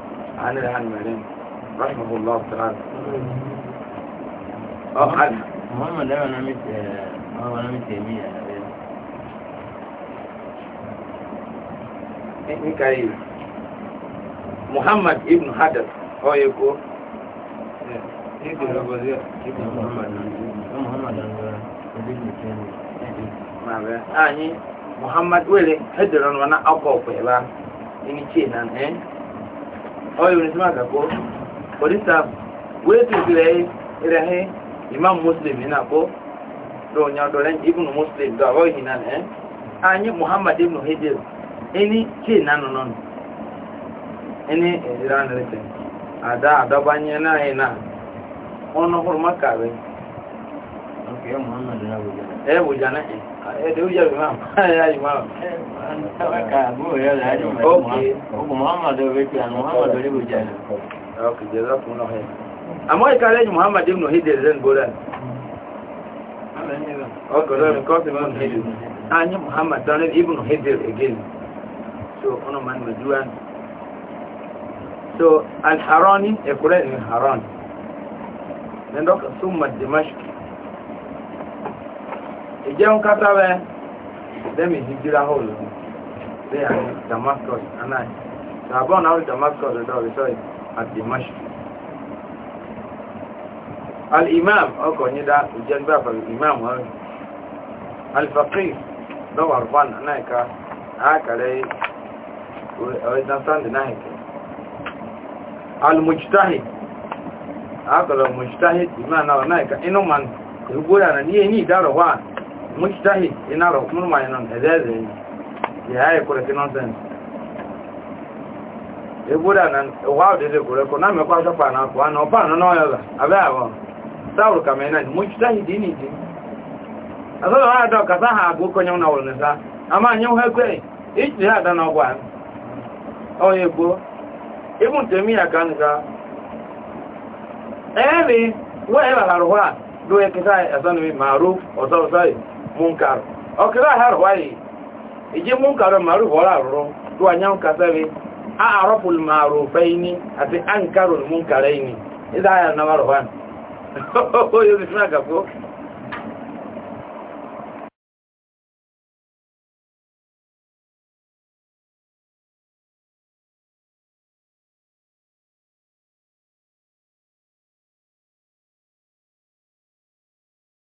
عن العلمانين رحمه الله تعالى اه حد المهم ده انا مت اه انا مت يمين ميكائيل محمد ابن حدث هو يقول محمد ويلي هدرون وانا اقوى فيلا ini ce nan eh ọyọ onísìmọ̀ àgàkọ́ ọdísà wéètì ìpìlẹ̀ rẹ̀ hẹ́ imam muslim nínú àkọ́ lọ́nyà ọ̀dọ̀rẹ́ ibùn muslim dọ̀ àwọ̀ yìí náà ẹ́ anyi muhammad ibn hijir ẹni kí nánu nọ́nu ẹni ìdíra nìrẹ̀tẹ̀ àdá àdọ́bányẹ náà yìí náà ọ̀nà ọ̀hùrùmọ́ kàwé ẹ̀ wòjá náà ẹ̀ ẹ̀dẹ̀ ó yẹ ìmáàmù ẹ̀yà ìmáàmù ọkà àbúrò rẹ̀ rẹ̀ ajọ́ ọkùn muhammadu rẹ̀kì àni muhammadu rẹ̀ bò jẹ́ ọkùn jẹ́ ọkùn náà ẹ̀ àmọ́ ìkàlẹ̀ yìí muhammadu ibn hidden zen bọ́lá ọkọ̀ lọ́rin kọ́sìn ibn hidden anyị muhammadu tán ibn hidden again so ọ̀nà man majuwa so alharani ẹ̀kúrẹ́ ni harani nendọ́kà súnmọ̀ dimashki ìjẹun kátà bẹ wee ìhìjìrá hall ní ṣe àní damascus anáì ṣàbọ̀ náà wí damascus ọ̀dọ̀ ọ̀rẹ́sọ̀rẹ́ àti ìmáṣù. al-imam ọkọ̀ ní dá ìjẹun bá pẹ̀lú imam wọn al-faqir lọ́wọ́ àrùfàn anáì àákàrẹ́ ọ̀rẹ́sán sándì al-mujtahid àákàrẹ́ mujtahid ìmáà inú ní ẹni ìdárọ̀ mujtahid ina ro mun mai non ezezen ya ai kure kinon sen e bura nan wa de de kure ko na me kwa na kwa no pa no no ya abe abo saur kamena mujtahid ni aso do ka sa ha go ko nyona wol ne sa ama kwe ichi ha da no gwa o ye temi ya kan ka ebi do e o sa munkar ọkìlá àhárọ̀wáyé ìjí munkar maru wọ́lá rọ tó wà nyáhùn kásẹ́rẹ́ a àrọ́pùl maru fẹ́yìní àti ankarul munkarẹ́yìní ìdáyà náwàrọ̀wá